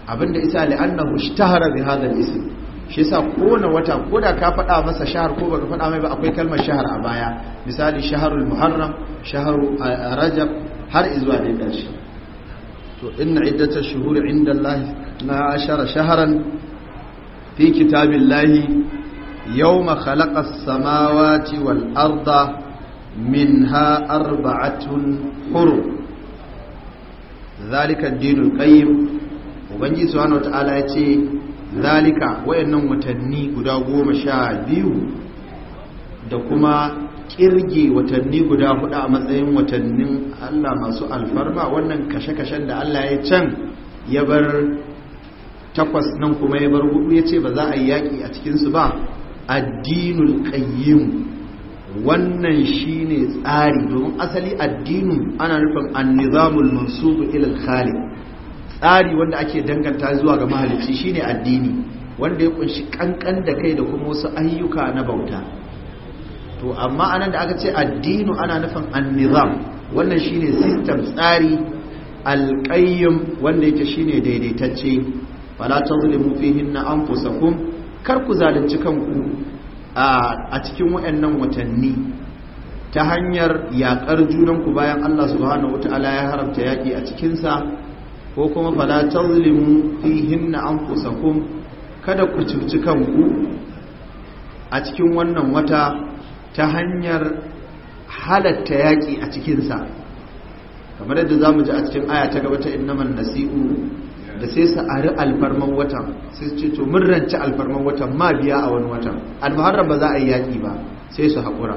abinda isa li'annahu ishtahara bi hadha al-ism shi yasa kowane wata ko da ka faɗa masa shahar ko baka faɗa mai ba akwai kalmar shahar a baya misali shaharul muharram shaharu rajab har izuwa da ƙarshe to inna iddata shuhur inda Allah na ashara shaharan fi kitabillahi yawma khalaqa as-samawati wal arda منها أربعة حرم ذلك الدين القيم وبنجي سبحانه وتعالى يتي ذلك وإنهم وتني قدا قوم شابيو دكما kirge watanni guda hudu a matsayin watannin Allah masu alfarma wannan kashe-kashen da Allah ya can ya bar takwas nan kuma ya bar hudu ya ce ba za a yi yaƙi a cikinsu ba addinul qayyim wannan shine tsari domin asali addinin ana nufin annizamul mansubu ila al-khaliq tsari wanda ake danganta zuwa ga mahalicci shine addini wanda ya kunshi kankan da kai da kuma wasu ayyuka na bauta to amma anan da aka ce addinu ana nufin annizam wannan shine system tsari alqayyim wanda yake shine daidaitacce fala tazlimu fihinna anfusakum kar ku zalunci kanku a cikin waɗannan watanni ta hanyar yaƙar junanku bayan Allah subhanahu wata'ala ya haramta yaƙi a cikinsa ko kuma fala tazlimu fihinna anfusakum kada ku cuci kanku a cikin wannan wata ta hanyar halatta yaƙi a cikinsa kamar yadda za mu ji a cikin aya ta gaba ta innaman nasi'u da sai su ari alfarman watan sai su ce to mun ranci alfarman watan ma biya a wani watan almuharram ba za a yi yaƙi ba sai su haƙura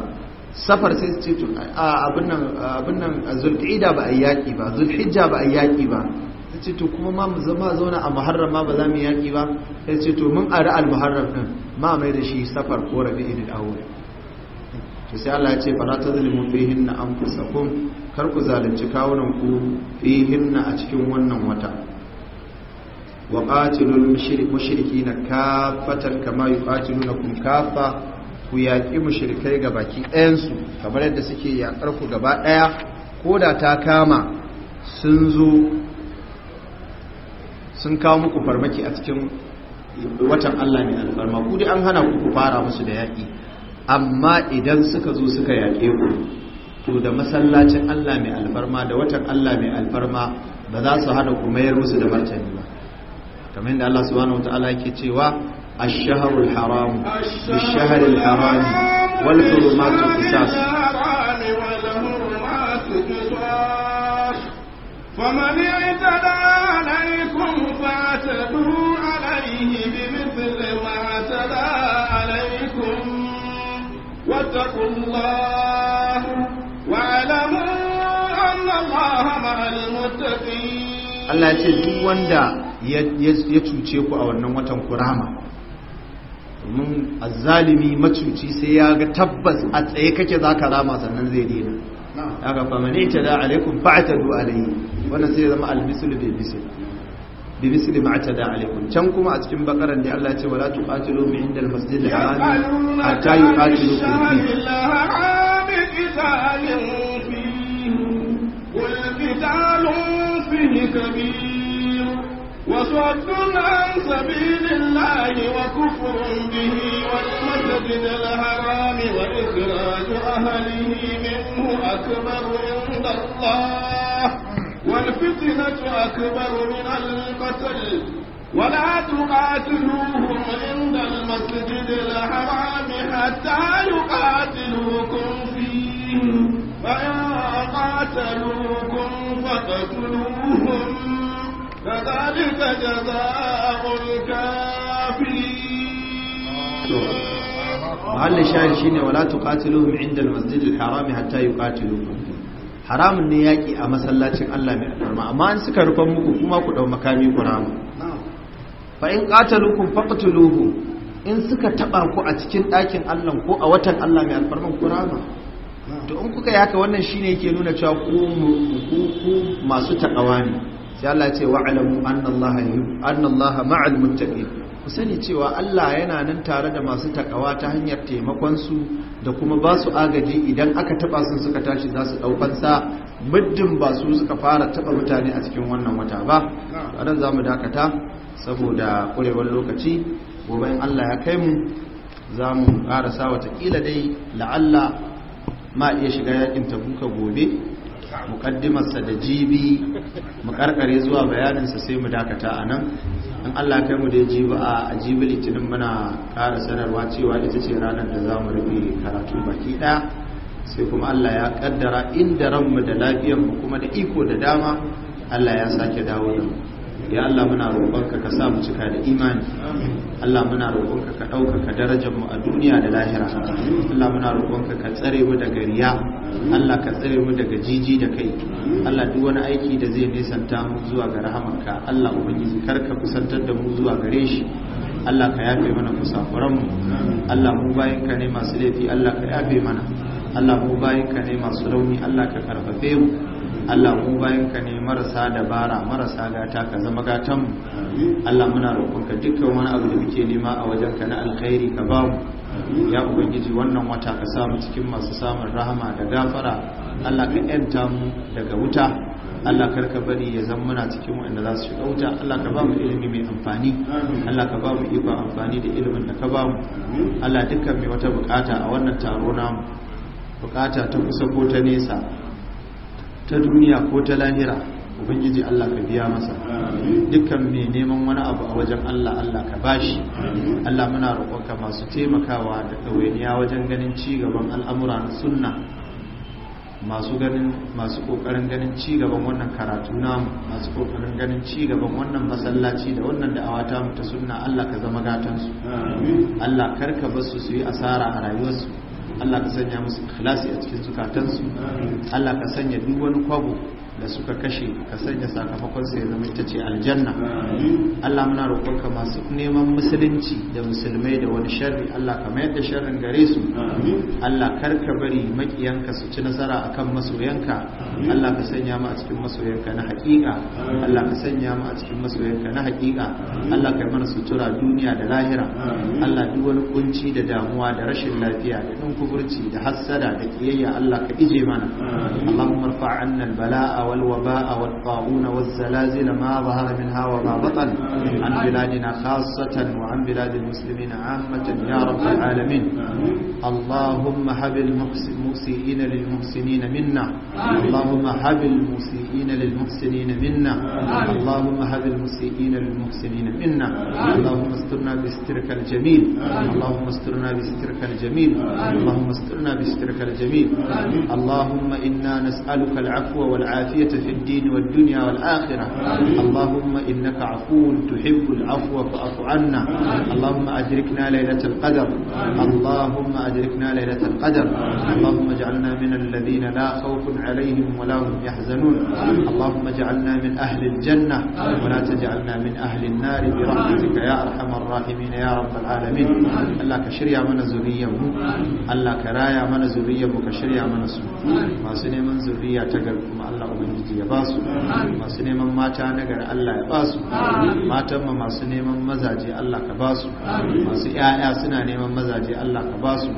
safar sai su ce to abin nan zulhijja ba a yi yaƙi ba zulhijja ba a yi yaƙi ba sai ce to kuma ma mu zama zauna a muharram ma ba za mu yi yaƙi ba sai ce to mun ari almuharram din ma mai da shi safar ko rabi rabi'il awwal to sai Allah ya ce ta tazlimu fihinna anfusakum kar ku zalunci kawunan ku fihinna a cikin wannan wata wa qatilul mushrikina kaffatan kama yuqatilunakum kaffa ku yaki mushrikai gabaki ɗayan su kamar yadda suke yakar ku gaba ɗaya koda ta kama sun zo sun kawo muku farmaki a cikin watan Allah ne alfarma ku dai an hana ku ku fara musu da yaƙi amma idan suka zo suka yaƙe ku to da masallacin Allah mai alfarma da watan Allah mai alfarma ba za su hana ku mayar musu da martani ba kamar yadda Allah subhanahu wataala yake cewa ash-shahrul haram bish-shahril haram wal hurumatu qisas
فمن اعتدى عليكم فاعتدوا عليه بمثل ما اعتدى عليكم
Allah ce duk wanda ya cuce ku a wannan watan kurama domin azzalimi macuci sai ya ga tabbas a tsaye kake za ka rama sannan zai dina ya ga famane ta da alaikun fa'ata du alayhi wannan sai ya zama almisul bil bisul bi misli ma ta da alaikun can kuma a cikin bakaran da Allah ya ce wala tuqatilu min inda almasjid alharam hatta yuqatilu
fi qul qitalun fihi kabir وصد عن سبيل الله وكفر به والمسجد الحرام وإخراج أهله منه أكبر عند الله والفتنة أكبر من القتل ولا تقاتلوهم عند المسجد الحرام حتى يقاتلوكم فيه فإن قاتلوكم فقتلوهم وذلك جزاء الكافرين
mahallin shahid shine wala tuqatiluhum inda al-masjid al-haram hatta yuqatilukum haramun ne yaƙi a masallacin Allah mai alfarma amma an suka rufan muku kuma ku ɗau makami ku ramu fa in qatalukum faqtuluhu in suka taɓa ku a cikin ɗakin Allah ko a watan Allah mai alfarman ku ramu to in kuka yi haka wannan shine yake nuna cewa ku masu takawa ne sai Allah ce annallaha ma'al muttaqin ku sani cewa Allah yana nan tare da masu takawa ta hanyar taimakon su da kuma ba su agaji idan aka taba sun suka tashi za su daukan sa muddin ba su suka fara taba mutane a cikin wannan wata ba ran zamu dakata saboda kurewar lokaci gobe in Allah ya kai mu za mu wata watakila dai la'alla ma iya shiga yakin tabuka gobe mukaddimarsa da jibi mu karkare zuwa bayaninsa sai mu dakata a nan in allah kai mu da jibi a jibi litinin muna kara sanarwa cewa ita ce ranar da za mu rufe karatu baki ɗaya sai kuma allah ya kaddara inda ranmu da lafiyar mu kuma da iko da dama allah ya sake dawo da mu ya Allah muna roƙonka ka sa mu cika da imani Allah muna roƙonka ka ɗaukaka darajar mu a duniya da lahira Allah muna roƙonka ka tsare mu daga riya Allah ka tsare mu daga jiji da kai Allah duk wani aiki da zai nisanta mu zuwa ga rahamanka Allah ubangiji kar ka kusantar da mu zuwa gare shi Allah ka yafe mana kusafuran mu Allah mu bayan ka ne masu laifi Allah ka yafe mana Allah mu bayan ka ne masu rauni Allah ka karfafe mu Allah mu bayanka ne marasa dabara marasa gata ka zama gatan mu Allah muna roƙonka dukkan wani abu da muke nema a wajenka na alkhairi ka ba mu ya ubangiji wannan wata ka samu cikin masu samun rahama da gafara Allah ka yanta mu daga wuta Allah kar ka bari ya zama muna cikin wanda za su shiga wuta Allah ka ba mu ilimi mai amfani Allah ka ba mu iko amfani da ilimin da ka ba mu Allah dukkan mai wata bukata a wannan taro namu bukata ta kusa ko ta nesa ta duniya ko ta lahira ubangiji Allah ka biya masa dukkan mai neman wani abu a wajen Allah Allah ka bashi Allah muna roƙonka masu taimakawa da ɗawainiya wajen ganin ci gaban al'amura na sunna masu ganin masu kokarin ganin ci gaban wannan karatu namu masu kokarin ganin ci gaban wannan masallaci da wannan da'awa ta mu ta sunna Allah ka zama gatansu Allah karka bar su su yi asara a rayuwarsu Allah ka sanya musu ikhlasi a cikin zukatansu Allah ka sanya duk wani kwabo da suka kashe ka sanya sakamakon sai zama ita ce aljanna Allah muna roƙonka masu neman musulunci da musulmai da wani sharri Allah ka mayar da sharrin gare su Allah kar ka bari makiyanka su ci nasara akan masoyanka Allah ka sanya mu a cikin masoyanka na haƙiƙa Allah ka sanya mu a cikin masoyanka na haƙiƙa Allah ka mana sutura duniya da lahira Allah duk wani kunci da damuwa da rashin lafiya da ɗan kuburci da hassada da kiyayya Allah ka ije mana Allahumma rfa' al-bala'a والوباء والطاعون والزلازل ما ظهر منها وما بطن عن بلادنا خاصة وعن بلاد المسلمين عامة يا رب العالمين اللهم حب المسيئين للمحسنين منا اللهم حب المسيئين للمحسنين منا اللهم حب المسيئين للمحسنين منا اللهم استرنا بسترك الجميل اللهم استرنا بسترك الجميل اللهم استرنا بسترك الجميل اللهم إنا نسألك العفو والعافية العافية في الدين والدنيا والآخرة اللهم إنك عفو تحب العفو فاعف عنا اللهم أدركنا ليلة القدر اللهم أدركنا ليلة القدر اللهم اجعلنا من الذين لا خوف عليهم ولا هم يحزنون اللهم اجعلنا من أهل الجنة ولا تجعلنا من أهل النار برحمتك يا أرحم الراحمين يا رب العالمين الله كشريا من زرية الله كرايا من زرية كشريا من سوء ما سنة من زرية تقل الله ubangiji ya ba su masu neman mata na gari Allah ya ba su matan ma masu neman mazaje Allah ka ba su masu ƴaƴa suna neman mazaje Allah ka ba su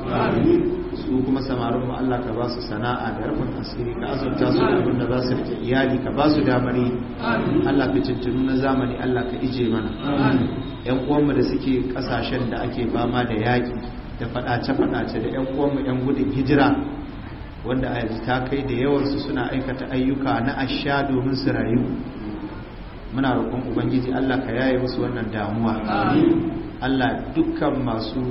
su kuma samarin mu Allah ka ba su sana'a da rufin asiri ka azurta su da abin da za su rike iyali ka ba su damari, Allah ka cincinu na zamani Allah ka ije mana yan uwanmu da suke kasashen da ake fama da yaki da faɗace-faɗace da yan uwanmu yan gudun hijira wanda a yanzu ta kai da yawarsu suna aikata ayyuka na asha domin su rayu muna roƙon ubangiji allah ka yaye musu wannan damuwa allah dukkan masu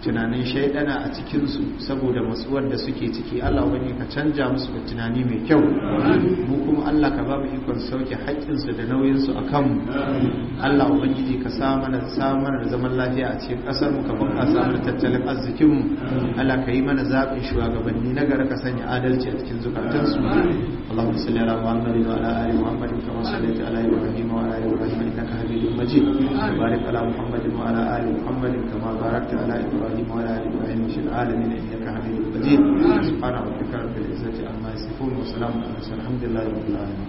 tunanin shaidana a cikinsu saboda matsuwar da suke ciki Allah wani ka canja musu da tunani mai kyau mu kuma Allah ka ba mu ikon sauke haƙƙinsu da nauyinsu a kanmu Allah ubangiji ka sa mana da zaman lafiya a cikin ƙasar mu ka bunƙasa mana tattalin arzikin mu Allah ka yi mana zaɓin shugabanni na gara ka sanya adalci a cikin zukatansu Allahumma salli ala Muhammadin wa ala ali Muhammadin kama sallaita ala Ibrahim wa ala ali Ibrahim innaka Hamidum Majid barik ala Muhammadin wa ala ali Muhammadin kama barakta ala Ibrahim إبراهيم وعلى آل إبراهيم في العالمين إنك حميد مجيد سبحان ربك رب العزة عما يصفون وسلام على
الحمد لله رب العالمين